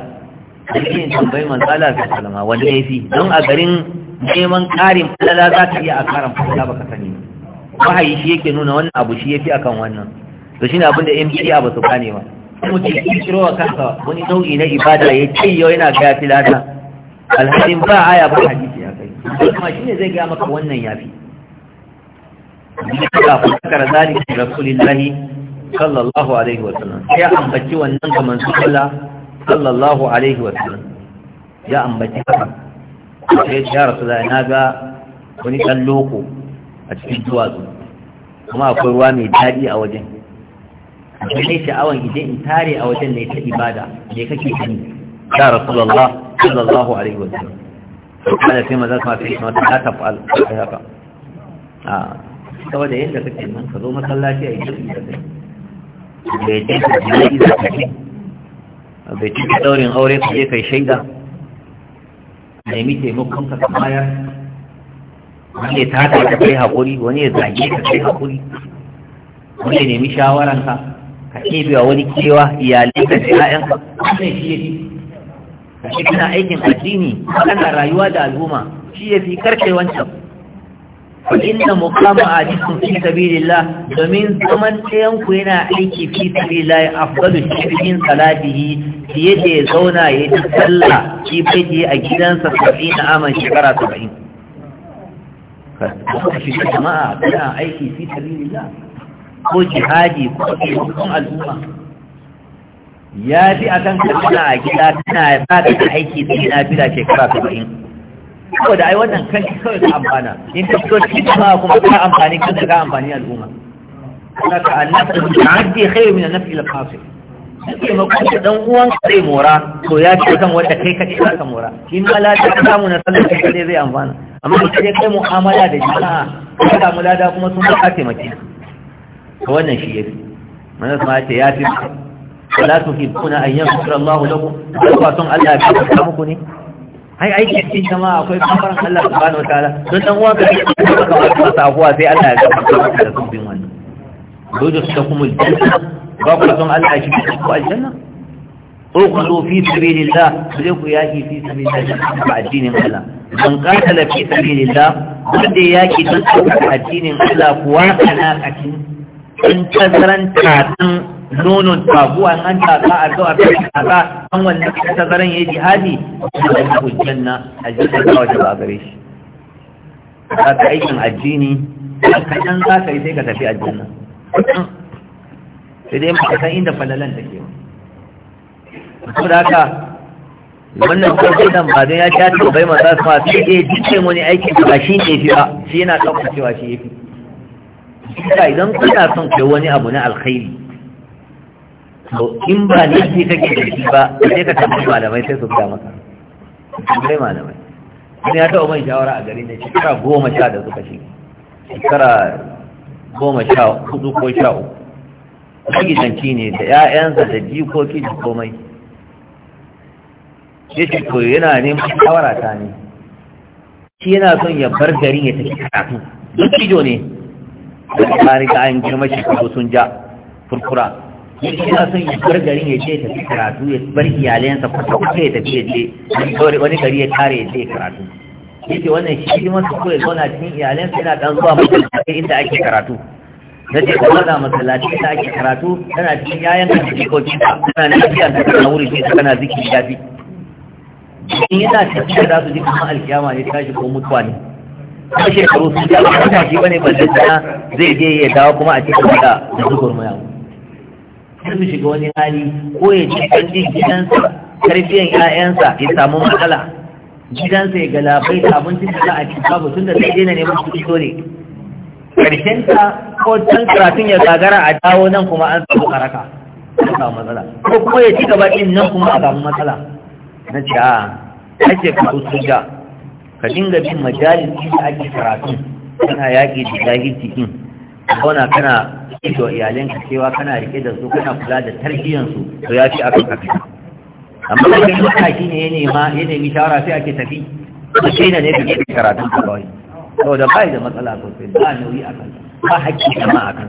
sai in tambayi manzala ga salama wanda ya fi don a garin neman karin falala za ka iya a karin falala baka sani ba. wahayi shi yake nuna wannan abu shi yafi akan wannan to shine abin da MBA ba su gane ba kuma ce kiro wa kanka. wani nau'i na ibada ya ce yau yana ga yafi lada alhalin ba aya ba hadisi ya kai kuma shine zai ga maka wannan yafi ذكر ذلك لرسول الله sallallahu alaihi wasallam ya ambaci wannan ga manzon Allah sallallahu alaihi wasallam ya ambaci haka sai ya rasu da na ga wani dan loko a cikin duwatsu kuma akwai ruwa mai daɗi a wajen sai ne sha'awan idan in tare a wajen ne ta ibada ne kake yi? ya rasulullah sallallahu alaihi wasallam kada sai maza kuma sai mata ta tafal haka a ah, saboda yadda kake nan ka zo masallaci a yi da kai bai kai ka jina'i da kake bai kai ka daurin aure ka je kai shaida nemi taimakon ka bayar wani ya tata ka kai haƙuri wani ya zage ka kai haƙuri wani ya nemi shawaranka ka ɗebewa wani kewa iyalai ka da ƴaƴanka wannan shi ya fi kana aikin addini kana rayuwa da al'umma shi ya fi karkai wancan fa inna muqama ajikum fi sabilillah domin zaman tayan ku yana aiki fi sabilillah afdalu cikin salatihi fiye da ya zauna ya yi sallah shi fage a gidansa saba'in na aman shekara saba'in ka shiga jama'a kana aiki fi sabilillah ko jihadi ko taimakon al'umma ya fi akan kana a gida kana ba da aiki sai na shekara saba'in saboda ai wannan kan ki kawai ka amfana in ka fito cikin jama'a kuma ka amfani kan ka amfani al'umma saka annabi ta'addi khairu min an-nafsi al-qasil sai ma kuma dan uwan ka zai mora to ya ce kan wanda kai kake za ka mora in ma la ta samu na sallar ka zai amfana amma sai kai mu'amala da jama'a ka samu lada kuma sun ka taimake ka wannan shi yafi manzo ma ce ya fi ولا تحبون أن يغفر son Allah فلا الله يغفر ne? ai aiki cikin jama'a akwai kafaran Allah subhanahu ta'ala, don dan uwa ka ce ka ta sahuwa sai Allah ya gafarta ka da zubin wannan dole su kuma aljanna ba ku san Allah ya shiga ko aljanna ko ku zo fi sabilillah sai ku yaki fi sabilillah ba addinin Allah man qatala fi sabilillah wanda yaki dan addinin Allah kuwa kana kacin in tazaran tatsan nonon taguwa an tatsa a zo a kai an wannan tazaran yayi jihadi da ya hujjanna a jihar kawai da ba gare shi za ka aikin addini kaɗan za ka yi sai ka tafi aljanna sai dai ma san inda falalan take ba da haka wannan dan ba don ya sha tabbai masu masu ke jikin wani aikin ba shi ne fi ba shi yana ɗaukacewa cewa shi ya fi ka idan kuna son kai wani abu na alkhairi to in ba ne shi kake da shi ba sai ka tambayi malamai sai su ga maka tambayi malamai ni ya taɓa mai shawara a gari ne shekara goma sha da suka shi shekara goma sha hudu ko sha uku magidanci ne da 'ya'yansa da jikoki da komai ya ce to yana neman shawara ta ne shi yana son ya bar garin ya tafi karatu duk ido ne da ta riga an girma shekaru sun ja furfura yin shi na son ya bar garin ya je tafi karatu ya bar iyalensa kwata kwata ya tafi ya je wani gari ya tare ya je karatu yake wannan shi hidiman masu kawai zauna cikin iyalensa yana dan zuwa masallaci inda ake karatu na ce kuma da masallaci inda ake karatu tana cikin yayan ka da jikoki ka tana na tafiya ta kana wuri ce ta kana zikiri dafi in yana tafiya za su ji kuma alkiyama ne tashi ko mutuwa ne kuma shekaru sun ja ba ta shi bane balle sana zai je ya dawo kuma a cikin da da zubar maya sai su shiga wani hali ko ya ci kanjin gidansa karfiyan ƴaƴansa ya samu matsala gidansa ya galabai da abinci da za a ci babu tun da zai daina neman kuɗi dole karshen ta ko can karatun ya gagara a dawo nan kuma an samu karaka an samu matsala ko kuma ya ci gaba din nan kuma a samu matsala na ce a ake ka usuja ka dinga bin majalis din da ake karatun kana yaƙi da jahilci din kana kana ido ka cewa kana rike da su kana kula da su to ya fi aka kafa amma da kai ka shi ne ya nema ya nemi shawara sai ake tafi da na ne ka da karatun ka to da bai da matsala sai ba nauyi yi kansa ba haƙƙi kama akan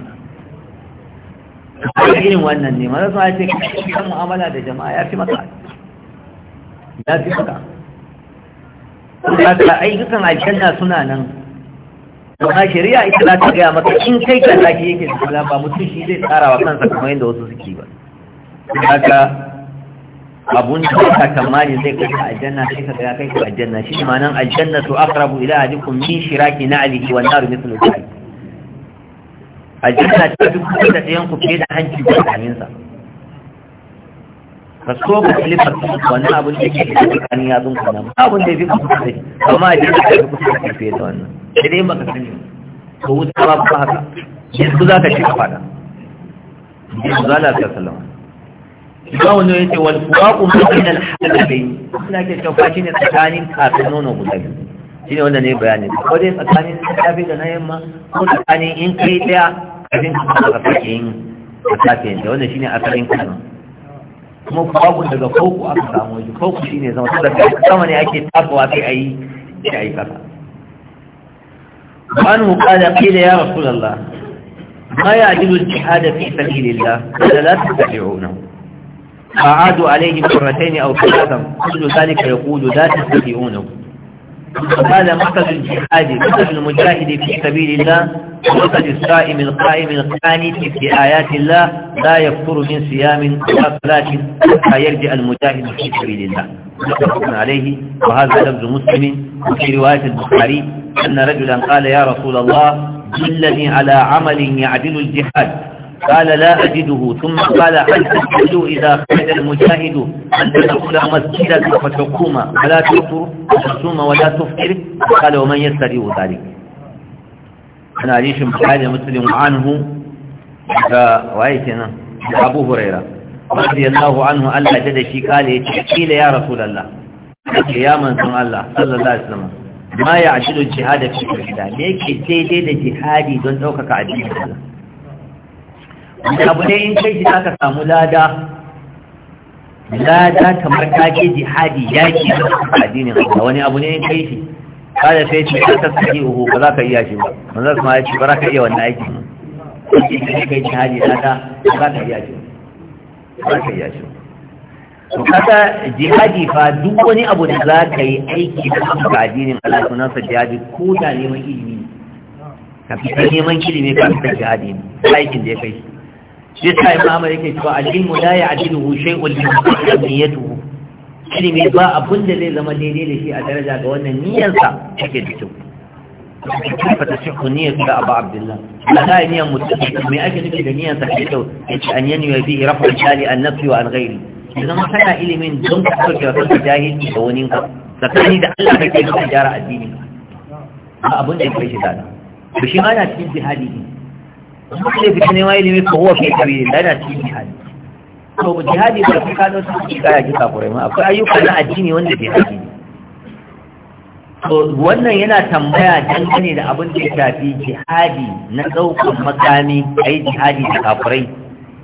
kansa akwai irin wannan ne maza sai ce kan mu'amala da jama'a ya fi maka ya fi maka haka ayyukan aljanna suna nan amma shari'a ita za ta gaya maka in kai ka zaki yake da kula ba mutum shi zai tsara wa kansa kamar yadda wasu suke ba haka abun da ka tamani zai kai ka aljanna sai ka gaya kai ka aljanna shi ma nan aljanna to aqrabu ila ahadikum min shiraki na'lihi wan nar mithlu dhalik aljanna ta duk da ɗayan fiye da hanci da hannunsa ka so ka filifar wannan abin da ke da tsakanin yatsun ka nan abin da ya fi kusa da shi amma a jirgin da fi kusa da fiye da wannan sai dai baka sani ko wuta ba ku haka yanzu za ka ci ka fada yanzu za ka salama ba wani yace wal furaqu min al halabain da ke cewa shi ne tsakanin kafin nono guda biyu shi ne wanda ne bayani ko dai tsakanin fi da na yamma ko tsakanin in kai daya kafin ka fara yin a safe da wannan shine asalin kanon kuma babu daga kauku aka samu shi kauku shine zama tun daga sama ne ake tafawa sai a yi a yi kasa wani mukada kila ya rasu lalla ma ya ajiyu jihada fi sani lalla da za su kaɗe ona ba a adu alaihi kurratai ne a wasu kasan kudu zalika ya kudu za su kaɗe ona ku فقال مثل الجهاد مثل المجاهد في سبيل الله ومثل الصائم القائم القانت في آيات الله لا يفطر من صيام ولا صلاة حتى يرجع المجاهد في سبيل الله متفق عليه وهذا لفظ مسلم وفي رواية البخاري أن رجلا قال يا رسول الله دلني على عمل يعدل الجهاد قال لا أجده ثم قال هل تجد إذا خرج المجاهد أن تدخل مسجدا فتحكم ولا تفطر تصوم ولا تفطر قال ومن يستطيع ذلك أنا عليش بحال مسلم عنه وأيتنا أبو هريرة رضي الله عنه ألا جدشي قال قيل يا رسول الله يا من سمع الله صلى الله عليه وسلم ما يعجل الجهاد في سبيل الله ليك سيدي الجهاد دون أوكك عديد الله abu ne in kai shi ka samu lada lada kamar ke jihadi yaki a addinin Allah wani abu ne in kai shi kada sai ce ka tsaki uhu ba za ka iya shi ba manzo kuma ya ce ba za ka iya wannan aiki ba kai jihadi lada ba ka iya shi ba za ka iya shi to kasa jihadi fa duk wani abu da za ka yi aiki da addinin Allah sa jihadi ko da neman ilimi ka fi neman ilimi ka fita jihadi aikin da ya kai shi yasa imama yake cewa al-ilmu la ya'diluhu shay'un min niyyatihi ilimi ba abun da zai zama daidai da shi a daraja ga wannan sa take da kyau kafa ta shi kuniyar da abu abdullah la da niyyar mutum Me ake nufi da niyyarsa ke kyau yace an yanu ya bi rafa shali an nafsi wa an ghairi idan ma kana ilimin don ka kauce wa kanka jahilci da wani ka tsakani da Allah kake da gyara addini ba abun da ya kai shi da shi ma na cikin jihadi wanda fita neman ilimi ko huwa fi sabili da yana cikin jihadi to jihadi ba fi kano su ci kaya ki kafurai ma akwai ayyuka na addini wanda bai haji ne to wannan yana tambaya dangane da abin da ya shafi jihadi na ɗaukar makami a yi jihadi da kakurai?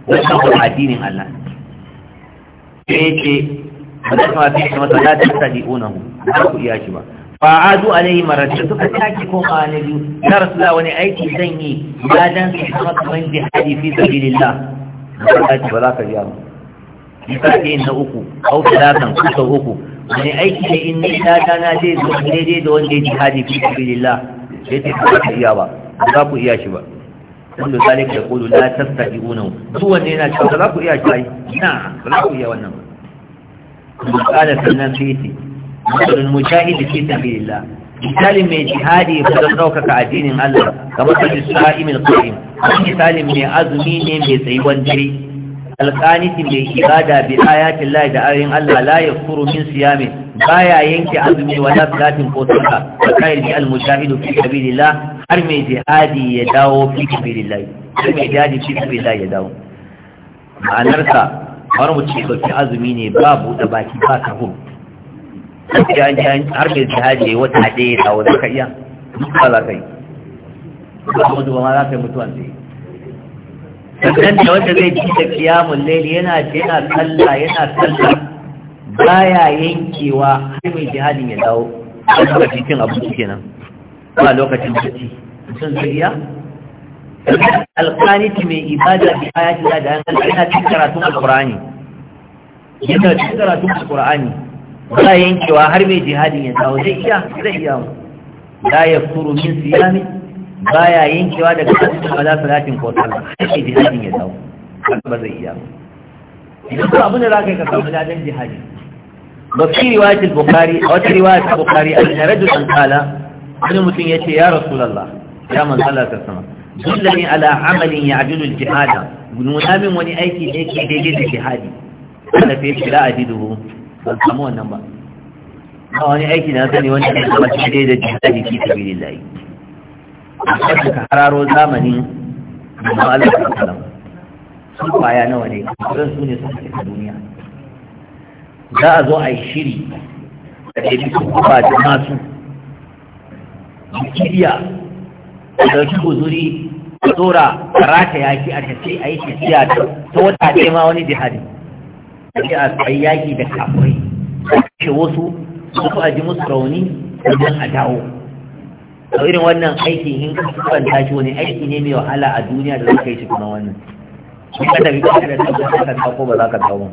don ɗaukar addinin Allah sai ce ba za ta mafi shi masa za ta sadi onahu ba ku iya shi ba ba a zu alaihi maratu suka ko ba na biyu na da wani aiki zan yi ya dan su kuma kaman jihadi fi sabilillah ba ba za ka biya ba misali na uku au talatan kusa uku wani aiki ne in ni na dana zai zo daidai da wanda ya jihadi fi la sai ta ba ka iya ba za ku iya shi ba wanda zalika da kudu la tastabi'una su wanne yana cewa za ku iya shi na ba za ku iya wannan ba tsada sannan فيتي masalin mujahidi fi sabilillah misali mai jihadi ya wajen ɗaukaka addinin Allah kamar da sa'imil qaim misalin mai azumi ne mai tsayuwan dare alqaniti mai ibada bi ayatin Allah da ayoyin Allah la yakfuru min siyami baya yanke azumi wala salatin ko sallah wa kayyid al mujahidu fi sabilillah har mai jihadi ya dawo fi sabilillah har mai jihadi fi sabilillah ya dawo ma'anarsa har mu ce ba azumi ne babu da baki ba sahur har mai jihadi ya wata haɗe ya dawo da ka iya ba za ka yi ba mutu ba ma za ka yi mutuwan zai sannan da wata zai ci da kiyamun laili yana yana sallah yana sallah baya yankewa har mai ya dawo a lokacin cin abinci kenan ba lokacin bacci sun zai iya alƙaniti mai ibada da ayati da hankali yana cin karatun alƙur'ani yana cin karatun alƙur'ani ba yankewa har mai jihadin ya dawo zai iya zai iya la yafuru min siyami ya yankewa daga cikin wala salatin ko sallah sai jihadin ya dawo ba zai iya idan ko abin da zaka yi ka samu ladan jihadi ba fi riwayat al-bukhari aw fi riwayat al-bukhari al-rajul an qala wani mutum yace ya rasulullah ya man sallah ta sama dullani ala amalin ya al-jihada nuna min wani aiki ne ke daidai da jihadi kana fi la ajiduhu ban samu wannan ba ba wani aiki na sani wanda ya zama cikin da jihadi lillahi a sai ka hararo zamanin da Allah ta sun kwaya nawa ne kusurin su ne suka a duniya za a zo a yi shiri da ɗari su kuma da masu kiriya da ɗauki guzuri da tsora karata yaki a tafi a yi tafiya ta wata ɗaya ma wani jihadi ake a tsayi yaƙi da kafirai kashe wasu wasu a ji musu rauni wajen a dawo a irin wannan aiki in ka kan shi wani aiki ne mai wahala a duniya da za ka yi shi kuma wannan in ka tafi kashe da za ka dawo ko ba za ka dawo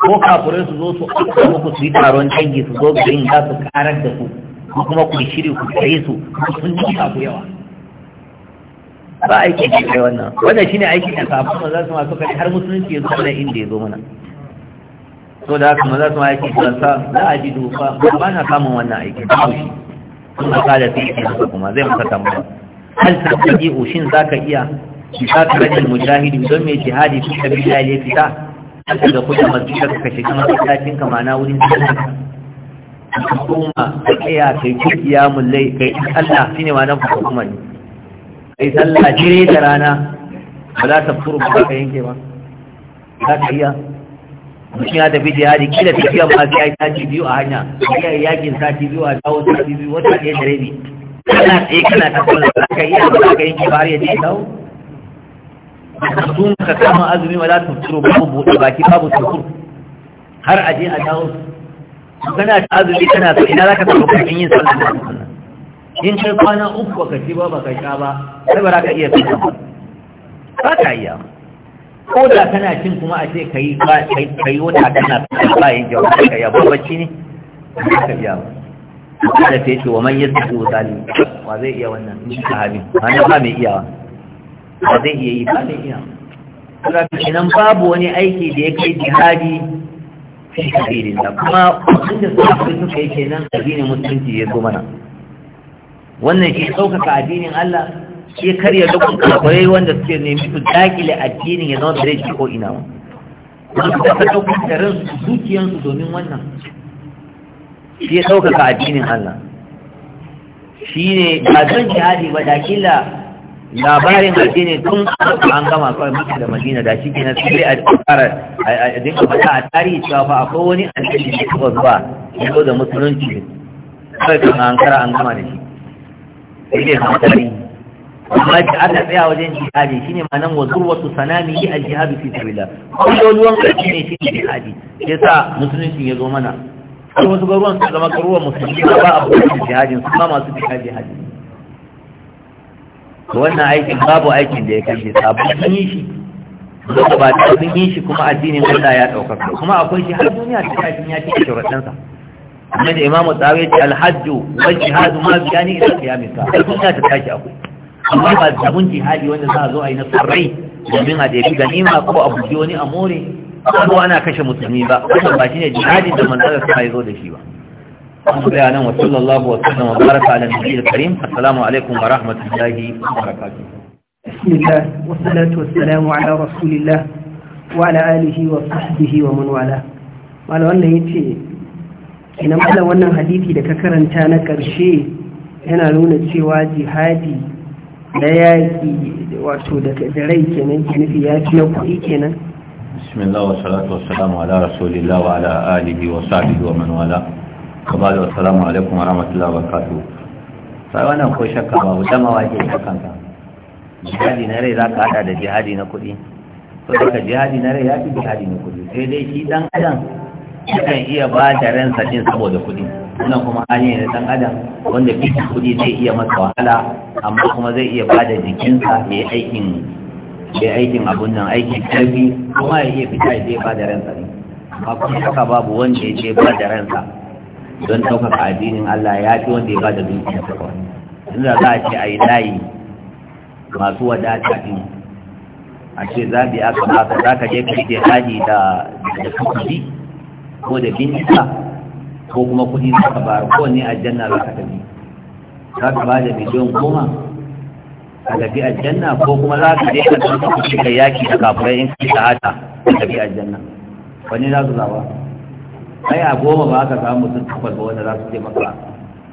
ko kafirai su zo su aka muku su yi taron dangi su zo garin za su karar da su ko kuma ku shiri ku tsaye su sun ji ku yawa ba aiki ne kai wannan wannan shine aiki da kafin za su ma suka har musulunci ya zo mana inda ya zo mana so da haka maza su aiki yake za a ji dufa ba na samun wannan aiki da shi Sun kada sai ya masa kuma zai masa tambaya hal kaji ushin ka iya ki saka rajin mujahidi don mai jihadi ka biya ya fita aka da kuɗin masu ka shiga masallacin ka mana wurin kuma ka tsaya kai kiya mullai kai Allah shine ma kuka kuma ne kai sallah jire da rana ba za ta furu ba ka yanke ba za ka iya mutum ya tafi da yari kila tafiya ma sai ya sati biyu a hanya ya yi yakin sati biyu a dawo sati biyu wata ɗaya da rabi kana tsaye kana ta kwana ka iya ba ka yanke bari ya ce dawo sun ka kama azumi su turo babu buɗe baki babu tukur har a je a dawo kana ta azumi kana so ina za ka samu kafin yin sallah da sallah in kai kwana uku ka ci ba ka sha ba sai ba za ka iya sallah ba ka iya ko da kana cin kuma a ce ka yi ka yi fita kana bayan jawo ka yabo bacci ne ka biya ba da ta ce wa man yadda su zali wa zai iya wannan sahabi wani ba mai iyawa ba zai iya yi ba zai iya kuma kenan babu wani aiki da ya kai jihadi fi kabilin da kuma inda sahabbai suka yi kenan addinin musulunci ya zo mana wannan shi ɗaukaka addinin Allah shi karya duk kafirai wanda suke nemi su dakile addinin ya zama bare ko ina ba wanda suka ɗaukar su dukiyan dukiyansu domin wannan shi ya ɗaukaka addinin Allah shi ne ba don jihadi ba da kila labarin addini tun an gama kawai maka da madina da shi kenan sai a tsara a dinka mata a tarihi cewa fa akwai wani addini da suka zuwa ya da musulunci kawai kan an kara an gama da shi sai dai kan tarihi amma da aka tsaya wajen jihadi shine ma'anar wa zurwatu sanami yi al-jihadu fi sabilillah kulloluwan kashi ne shi jihadi yasa musulunci ya zo mana har wasu garuwan su zama garuwan musulunci ba a bukatar jihadin su ma masu fita jihadi wannan aikin babu aikin da ya kai kashe sabon sun yi shi zuwa ba ta sun yi shi kuma addinin Allah ya ɗaukaka kuma akwai shi har duniya ta kashin ya cike shuraɗansa amma da imamu tsawai ce alhajju wal jihadu ma biya ne biyani ila qiyamika duniya ta tashi akwai amma ba zamun jihadi wanda za a zo a yi na sarrai domin a ɗari ganima ko a buge wani a more ko ana kashe musulmi ba wannan ba shine jihadin da manzara suka yi zo da shi ba أخبرنا وصلى الله وسلم وبارك على النبي الكريم السلام عليكم ورحمة الله وبركاته بسم الله والصلاة والسلام على رسول الله وعلى آله وصحبه ومن والاه wani ya ce ina malam wannan hadithi da ka karanta na ƙarshe yana nuna cewa jihadi na yaƙi wato da rai kenan ke nufi yaƙi na kuɗi kenan bismillah wa salatu wa salamu ala rasulillah wa ala alihi wa sahbihi wa man wala kabali wa salamu alaikum wa rahmatullah wa barakatuh sai wannan ko shakka babu dama waje ta kanka jihadi na rai za ka hada da jihadi na kuɗi to daga jihadi na rai ya fi jihadi na kuɗi sai dai shi dan adam yakan iya ba da ransa din saboda kuɗi wannan kuma hali ne na dan adam wanda fi kuɗi zai iya masa wahala amma kuma zai iya da jikinsa ya yi aikin ya aikin abun nan aikin karfi kuma ya iya fita ya ba da ransa ne amma kuma haka babu wanda ya ce ba da ransa don ɗaukaka addinin Allah ya fi wanda ya ba da ta kawai inda za a ce a yi layi masu wadata ɗin a ce yi aka baka za ka je ka yi haji da kuɗi ko da bincika ko kuma kuɗi za ka bayar ko ne janna za ka tafi za ka ba da miliyan goma ka tafi a janna ko kuma za ka je ka tafi kuɗi ka yaki da kafurai in kai shahada ka tafi a janna. wani za su zawa ai a goma ba ka samu sun takwas ba wanda za su je maka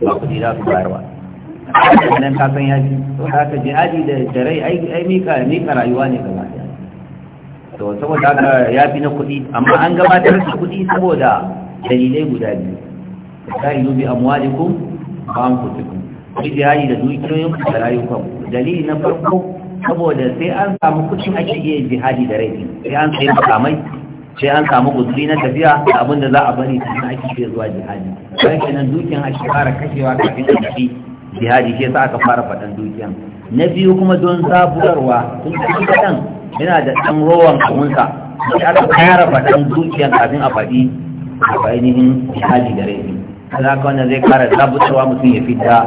ba kuɗi za su bayarwa nan ka san yaki to haka jihadi da jarai ai mika mika rayuwa ne gaba ɗaya to saboda haka ya fi na kuɗi amma an gabatar da kuɗi saboda dalilai guda biyu ta'idu bi amwalikum wa anfusikum jihadi da dukiyoyin ku da rayukan dalili na farko saboda sai an samu kuɗin ake iya jihadi da rai sai an sayi makamai sai an samu guzuri na tafiya da abin za a bari sannan ake iya zuwa jihadi sai kenan dukiyan ake fara kashewa kafin a tafi jihadi shi sa aka fara faɗan dukiyan na biyu kuma don sabuwarwa, tun da kaɗan yana da ɗan rowan abunsa sai aka fara faɗan dukiyan kafin a faɗi da ainihin jihadi da rai kaza ka wannan zai kara zabutarwa mutum ya fita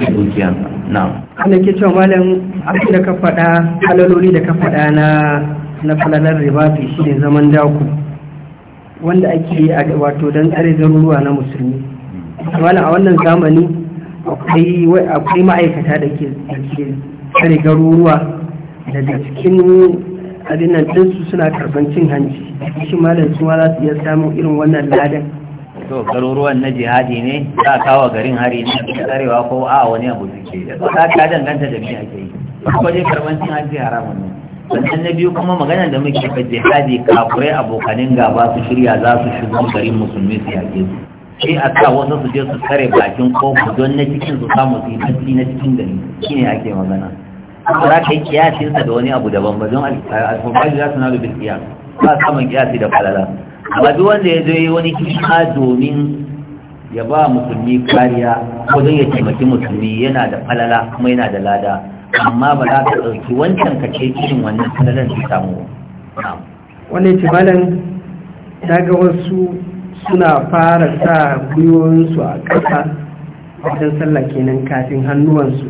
da dukiya na ana ke cewa malam abin da ka faɗa halaloli da ka faɗa na na falalar riba fi shi ne zaman daku wanda ake yi a wato don tsare zaruruwa na musulmi malam a wannan zamani akwai ma'aikata da ke tsare garuruwa daga cikin abin nan ɗinsu suna karban cin hanci shi malam su za su iya samun irin wannan ladan to garuruwan na jihadi ne za a kawo garin hari ne da tsarewa ko a wani abu suke da ta ta danganta da biya ake yi kuma dai karban cin hanci haramun ne sannan na biyu kuma magana da muke fa jihadi kafurai abokanin gaba su shirya za su shigo garin musulmi su yaƙe su sai a sa wasu su je su tsare bakin kofu don na cikin su samu su yi na cikin gari shine ake magana za ka yi kiyasinsa da wani abu daban ba don alfafaji za su na rubin kiyas ba samun kiyasi da falala amma duk wanda ya zai wani kisa domin ya ba musulmi kariya ko don ya taimaki musulmi yana da falala kuma yana da lada amma ba za ka ɗauki wancan ka ce cikin wannan falalan su samu wannan ta ga wasu suna fara sa gwiwoyinsu a ƙasa wajen sallake kenan kafin hannuwansu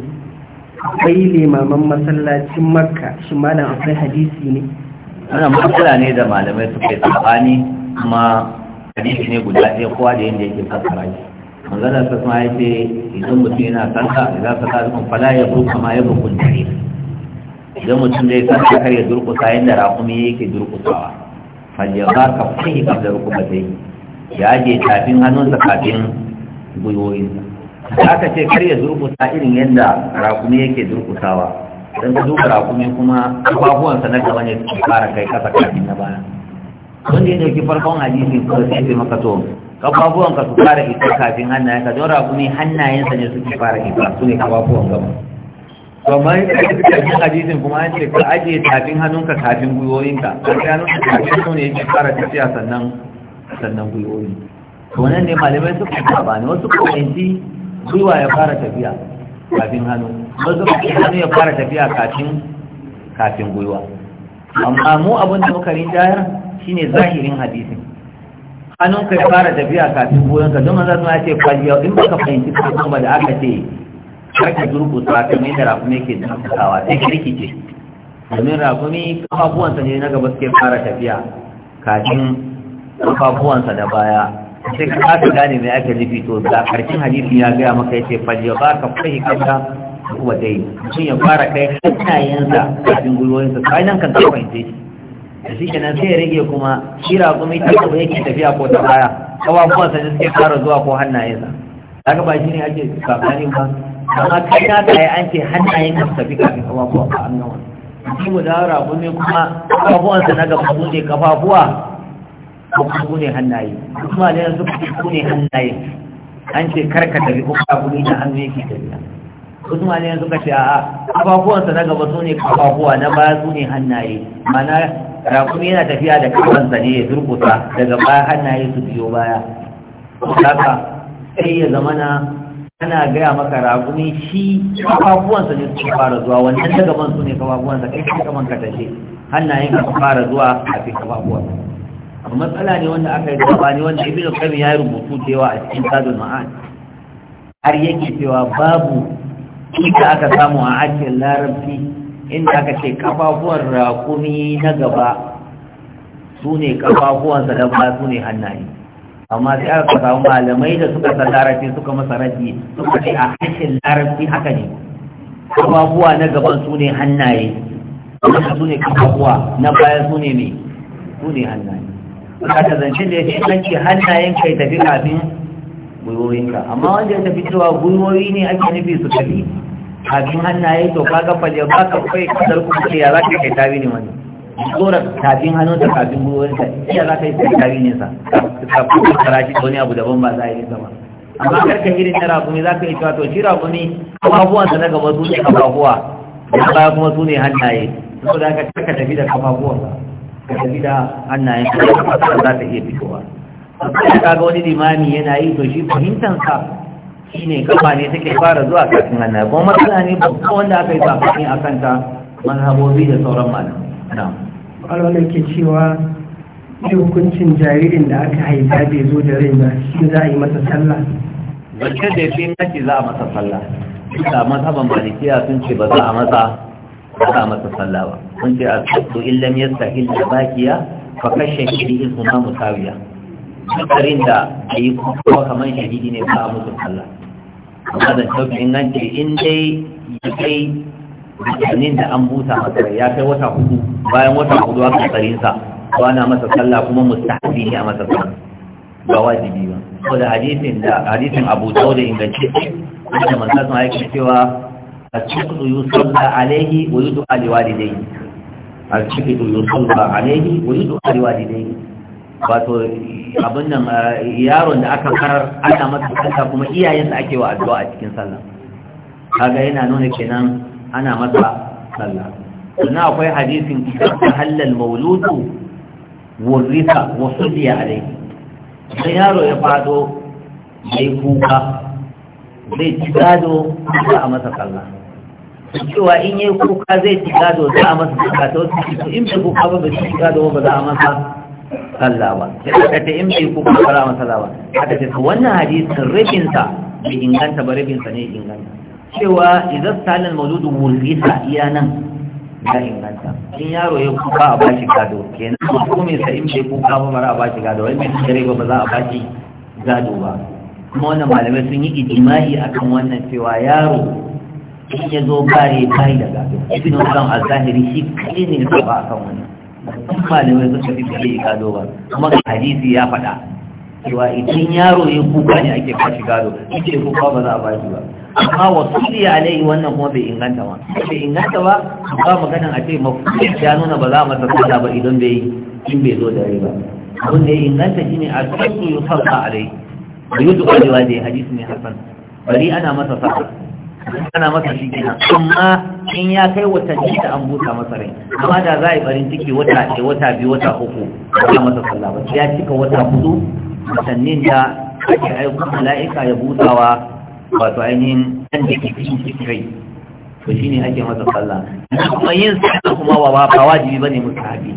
akwai limaman masallacin makka shi malam akwai hadisi ne wannan matsala ne da malamai suka yi tsabani kuma hadisi ne guda ɗaya kowa da yadda yake fassara shi manzana ta kuma ya ce idan mutum yana sanka idan sa ta zukun fala ya burka ma ya burkun dare idan mutum zai sanka kar ya durkusa yadda rakumi yake durkusawa faljaba ka fahimta da rukubatai ya ajiye tafin hannunsa kafin gwiwoyinsa da aka ce kar ya durkusa irin yadda rakumi yake durkusawa don ka duka rakumi kuma kafafuwansa na gaba ne su fara kai kasa kafin na baya da ya dauki farkon hadisin ko sai ya maka to ka su fara isa kafin hannayenka don rakumi hannayensa ne suke fara isa su ne kafafuwan gaba suke cikin hadisin kuma yin ka ajiye tafin hannunka kafin gwiwoyinka kan ta hannunka kafin su ne yake fara tafiya sannan sannan gwiwoyi to nan ne malamai suka ba ne wasu kuma yanzu gwiwa ya fara tafiya kafin hannu mazubi hannu ya fara tafiya kafin kafin gwiwa amma mu abin da muka rinjayar shine zahirin hadisin hannun ka fara tafiya kafin goyon ka don maza suna ce kwalliya in baka fahimci kuma ba da aka ce karka durkusa kamar da rafumi ke durkusawa sai ka rikice domin rafumi kafafuwansa ne na gaba suke fara tafiya kafin kafafuwansa da baya sai ka kasa gane mai ake nufi to da karshen hadisi ya gaya maka yace fajiya ba ka fahi kanta kuma dai mutum ya fara kai hannayensa kafin gulwoyinsa sai nan kan kafa in shi da shi kenan sai ya rage kuma shira kuma ita ba yake tafiya ko ta baya kawafuwan sa suke fara zuwa ko hannayensa haka ba shi ne ake kafani ba amma kai na kai an ce hannayen ka tafi kafin kawafuwa ba an gawa shi mu da rabu ne kuma kawafuwansa na gaba sun ne kafafuwa kuma ne hannaye kuma da yanzu su ne hannaye an ce karka tafi ko ka gudu da hannu yake tafiya usman ne ka ce a'a kafafuwansa na gaba su ne kafafuwa na baya su ne hannaye mana rakumi yana tafiya da kafansa ne ya zurkuta daga baya hannaye su biyo baya Saka sai ya zamana ana gaya maka rakumi shi kafafuwansa ne suka fara zuwa wannan daga ban su ne kafafuwansa kai kaman ka tashe hannayen ka fara zuwa a kafin kafafuwansa amma matsala ne wanda aka yi gaba ne wanda ibn qayyim ya rubutu cewa a cikin sadul ma'ad har yake cewa babu ita aka samu a ajiyar larabci inda aka ce kafafuwan rakumi na gaba su ne kafafuwansa da su ne hannaye amma sai aka samu malamai da suka san larabci suka masa raji suka ce a ajiyar larabci haka ne kafafuwa na gaban su ne hannaye su ne kafafuwa na baya su ne mai su ne hannaye ta zance da ya ce ɗanki hannayen kai tafi kafin gwiwoyinka amma wanda ya tafi cewa gwiwoyi ne ake nufi su tafi kafin hannaye to kaga da ba ka kai kasar kuma ce ya za ka kai tabi ne wani tsora kafin ta kafin gwiwoyinka iya za ka yi kai tabi ne sa ka ka kara shi wani abu daban ba za a yi nisa ba amma karka irin na rakumi za ka yi cewa to shi rakumi kafafuwansa na gaba su ne kafafuwa da baya kuma su ne hannaye saboda haka karka tafi da kafafuwansa ka tafi da hannayen ka za ta iya fitowa sai ka ga wani limami yana yi to shi fahimtansa shi ne kafa ne take fara zuwa kafin hannaye kuma matsala ne babba wanda aka yi safani a kanta mazhabobi da sauran malamai. Alwala ke cewa shi hukuncin jaririn da aka haifa bai zo da rai ba shi za a yi masa sallah zance da ya fi naci za a masa sallah da mazhaban malikiya sun ce ba za a masa ba masa sallah ba kun ce a sabtu illam yastahil bakiya fa kashe shi izuma musawiya dukkanin da a yi kuma kamar shahidi ne ba a musu sallah amma da sauƙi inganci in dai ya kai dukkanin da an buta masa ya kai wata hudu bayan wata hudu aka tsarinsa ko ana masa sallah kuma mustahabi ne a masa sallah ba wajibi ba saboda hadisin da hadisin Abu Dawud ingance da manzon Allah yake cewa الشقد يصلى عليه ويدعى لوالديه الشقد يصلى عليه ويدعى لوالديه wato abin nan yaron da aka karar ana masa sallah kuma iyayensa ake wa addu'a a cikin sallah kaga yana nuna kenan ana masa sallah sannan akwai hadisin ta halal mauludu wurrisa wa sudiya alai sai yaro ya fado mai kuka zai ci gado za a masa kalla. cewa in yi kuka zai ci gado za a masa kalla. ta wasu to in bai kuka ba bai ci gado ba za a masa kalla ba sai aka ta in bai kuka ba za a masa kalla ba aka ce wannan hadisin rabinsa bai inganta ba rabinsa ne inganta cewa idan salin mawdudu wulisa iya nan ya inganta in yaro ya kuka a bashi gado kenan ko me sa in bai kuka ba ba za a bashi gado wai mai tsare ba ba za a ba bashi gado ba kuma wannan malamai sun yi ijimai akan wannan cewa yaro in ya zo bare bai da gado ibn al-qayyim al-zahiri shi kai ne ya ba akan wannan sun malamai suka fi bai gado ba kuma hadisi ya faɗa cewa idan yaro ya kuka ne ake kashi gado ita kuka ba za a bashi ba amma wasu iya alai wannan kuma bai inganta ba bai inganta ba ba maganin a ce mafi ya nuna ba za a masa sada ba idan bai in bai zo da rai ba abin da ya inganta ne a tsakiyar farka alai da yudu alewa da ya hadisi ne Hassan. bari ana masa sa'a ana masa shi gina amma in ya kai watanni da an busa masa rai amma da za a yi barin ciki wata ɗaya wata biyu wata uku ba masa sallah ba ya cika wata hudu watannin da ake aikun mala'ika ya busawa wato ainihin ɗan da ke cikin cikin rai to shi ne ake masa sallah kuma yin sallah kuma ba ba wajibi ba ne haɗi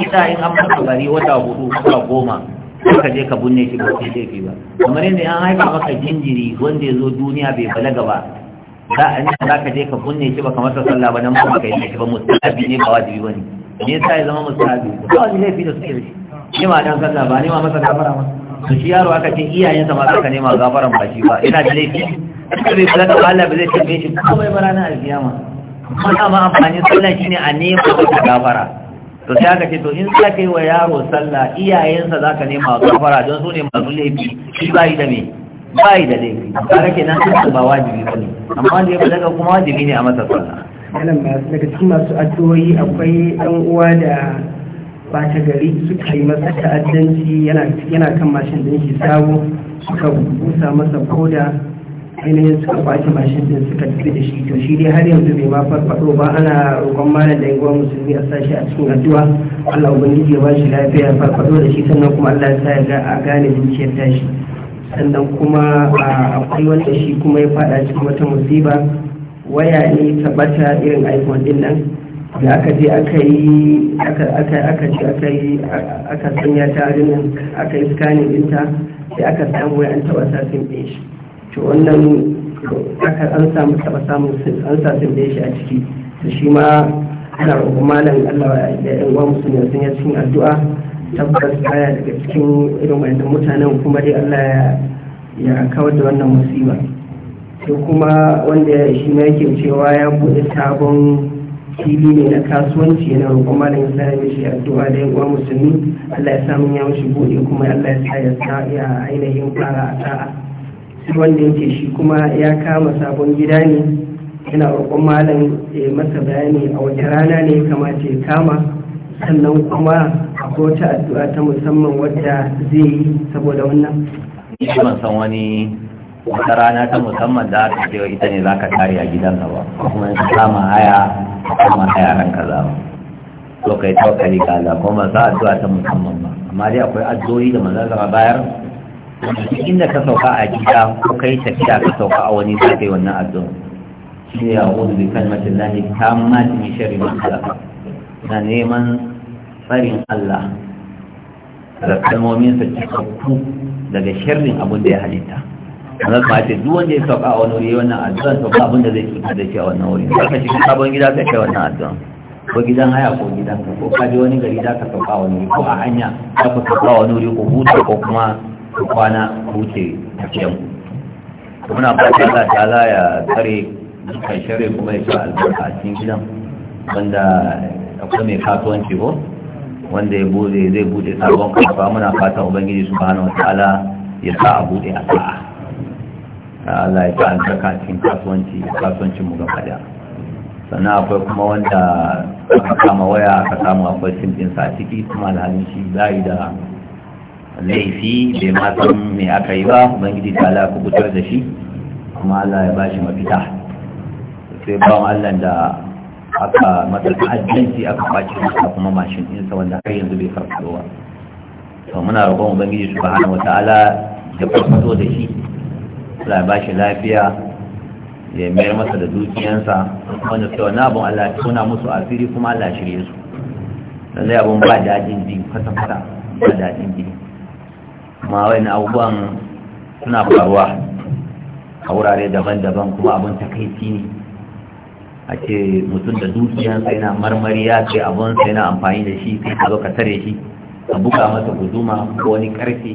kisa in an masa bari wata hudu wata goma ka je ka binne shi ba sai laifi ba kamar yadda an haifa maka jinjiri wanda ya zo duniya bai balaga ba za a nan za ka je ka binne shi ba kamar ta sallah ba nan ba ka yi shi ba musabi ne ba wajibi ba ne ne sa ya zama musabi ba wani laifi da suke da shi ne ma dan sallah ba ne ma masa gafara ma to shi yaro aka ce iyayensa ma suka nema gafaran ba shi ba ina da laifi suka bai balaga ba Allah ba zai tambaye shi ko ba barana alkiyama kuma dama amfanin sallah shine a nema gafara to sai aka ce to in za ka yi wa yaro sallah iyayensa za ka nema gafara don su ne masu laifi shi ba yi da me ba yi da laifi ka ke nan sun ba wajibi ba ne amma wanda ya fi daga kuma wajibi ne a masa sallah malam daga cikin masu addu'o'i akwai ɗan uwa da bata gari suka yi masa ta'addanci yana kan mashin ɗin shi sabo suka busa masa koda ainihin suka kwace mashin din suka tafi da shi to shi dai har yanzu bai ma farfado ba ana roƙon malam da yanguwar musulmi a sashi a cikin addu'a Allah ubangiji ya ba shi lafiya farfado da shi sannan kuma Allah ya sa ya ga a gane zuciyar tashi sannan kuma akwai wanda shi kuma ya fada cikin wata musiba waya ne ta bata irin iphone din nan da aka je aka yi aka ce aka yi aka sanya ta aka yi scanning ɗinta sai aka samu ya an taɓa sasin ɗin shi to wannan aka an samu taba samun an sa sun da shi a ciki to shi ma ana roƙon malam Allah da ƴan uwa musulmi sun yi cikin addu'a tabbas baya daga cikin irin wannan mutanen kuma dai Allah ya kawar da wannan musiba sai kuma wanda shi ma yake cewa ya buɗe sabon fili ne na kasuwanci yana roƙon malam Allah ya shi addu'a da ƴan uwa musulmi Allah ya samu ya mishi buɗe kuma Allah ya sa ya ainihin fara a ta'a duk wanda yake shi kuma ya kama sabon gida ne yana roƙon malam ya masa bayani a wata rana ne ya kamata ya kama sannan kuma a wata addu'a ta musamman wadda zai yi saboda wannan shi ban san wani wata rana ta musamman da aka cewa ita ne za ka kare a gidansa ba kuma in kama haya kama haya ran ka za to kai tawakkali ga Allah kuma ba za addu'a ta musamman ba amma dai akwai addu'o'i da manzon bayar inda ka sauka a gida ko kai tafiya ka sauka a wani zafi wannan addu'a shi ne wuzu bi kalmatin lahi ta mati mai shari ma halaka na neman tsarin Allah da kalmomin sa cikakku daga shirin abin da ya halitta wanda kuma ce duk wanda ya sauka a wani wuri wannan addu'a to sauka abin da zai cuta da shi a wannan wuri ka shiga sabon gida ka kai wannan addu'a ko gidan haya ko ka ko ka je wani gari za ka sauka a wani wuri ko a hanya za ka sauka a wani wuri ko hutu ko kuma kwana ku wuce tafiyan ku muna fata Allah ta'ala ya tsare dukkan kuma ya sa albarka a cikin gidan wanda akwai mai kasuwanci ko wanda ya bude zai bude sabon kafa muna fata ubangiji subhanahu wataala ya sa a bude a sa'a Allah ya sa albarka cikin kasuwanci kasuwancin mu gaba daya sannan akwai kuma wanda aka kama waya aka samu akwai sim ɗinsa a ciki kuma alhalin shi yi da laifi bai ma san me aka yi ba ubangiji ta ala kubutar da shi kuma Allah ya bashi mafita sai ba Allah da aka masa ajiyanci aka kwaci masa kuma mashin insa wanda har yanzu bai farfado ba to muna roƙon ubangiji subhanahu wata'ala ya farfado da shi Allah ya shi lafiya ya mayar masa da dukiyansa wanda sai wani abin Allah ya tona musu asiri kuma Allah ya shirye su lallai abin ba daɗin ji kwata-kwata ba daɗin ji kuma wani abubuwan suna faruwa a wurare daban-daban kuma abin takaici ne a ce mutum da dukiyansa yana marmari ya ce abinsa yana amfani da shi sai ka zo ka tare shi ka buga masa guduma ko wani karfe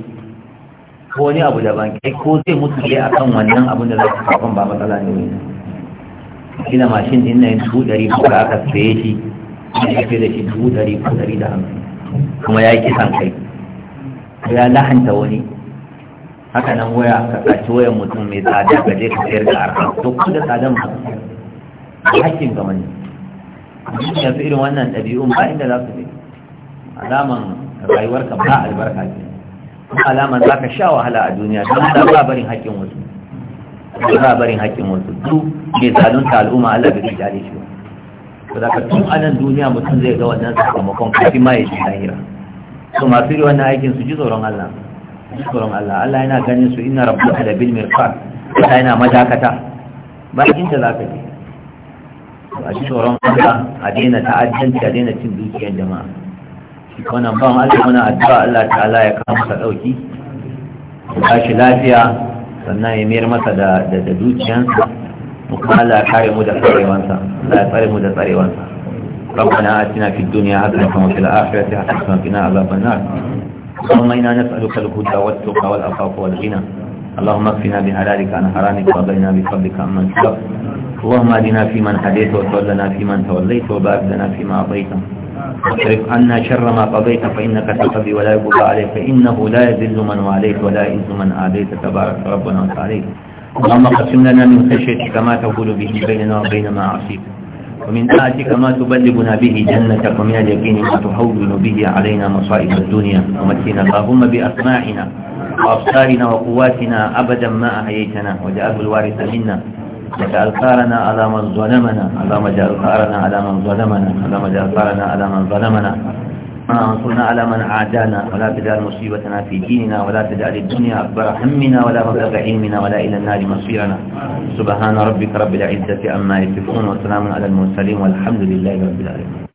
ko wani abu daban kai ko zai mutu ne kan wannan abin da za ka kafin ba matsala ne wani ina mashin din na yin dubu ɗari ko da aka saye shi ya fi da shi dubu ɗari ko ɗari da hamsin kuma ya yi kisan kai ya lahanta wani haka nan waya ka saci wayan mutum mai tsada ka je ka sayar da arha to ko da tsadan ba hakkin ga wani ya fi irin wannan ɗabi'un ba inda za su je alaman rayuwarka ba albarka ce alaman za ka sha wahala a duniya don za ba barin haƙƙin wasu ba za barin haƙƙin wasu su mai zalunta al'umma Allah bai jale shi ba. Saboda tun a nan duniya mutum zai ga wannan sakamakon kafin ma ya ji lahira. to masu yi wannan aikin su ji tsoron Allah ji tsoron Allah Allah yana ganin su ina rabu da bil mirfaq Allah yana madakata bakin ta zaka ji a ji tsoron Allah a daina ta'addanci a daina cin dukiyar jama'a wannan ban Allah muna addu'a Allah ta'ala ya kama masa dauki ba shi lafiya sannan ya mayar masa da da dukiyansa kuma Allah ya kare mu da tsarewansa Allah ya tsare mu da tsarewansa ربنا آتنا في الدنيا حسنة وفي الآخرة حسنة وقنا عذاب النار اللهم إنا نسألك الهدى والتقى والعفاف والغنى اللهم اكفنا بحلالك عن حرامك وغنى بفضلك عمن سواك اللهم أهدنا فيمن هديت وتولنا فيمن توليت وبارك لنا فيما أعطيت واصرف عنا شر ما قضيت فإنك تقضي ولا يقضى عليك فإنه لا يذل من واليت ولا يئس من عاديت تبارك ربنا وتعالى اللهم اقسم لنا من خشيتك ما تقول به بيننا وبين ما عصيت ومن طاعتك ما تبلغنا به جنتك ومن اليقين ما تحول به علينا مصائب الدنيا ومتنا اللهم بأسماعنا وأبصارنا وقواتنا أبدا ما أحييتنا وجعله الوارث منا وجعل ثارنا على من ظلمنا اللهم اجعل ثارنا على من ظلمنا اللهم اجعل ثارنا على من ظلمنا وانصرنا على من عادانا ولا تجعل مصيبتنا في ديننا ولا تجعل الدنيا أكبر همنا ولا مبلغ علمنا ولا إلى النار مصيرنا سبحان ربك رب العزة عما يصفون وسلام على المرسلين والحمد لله رب العالمين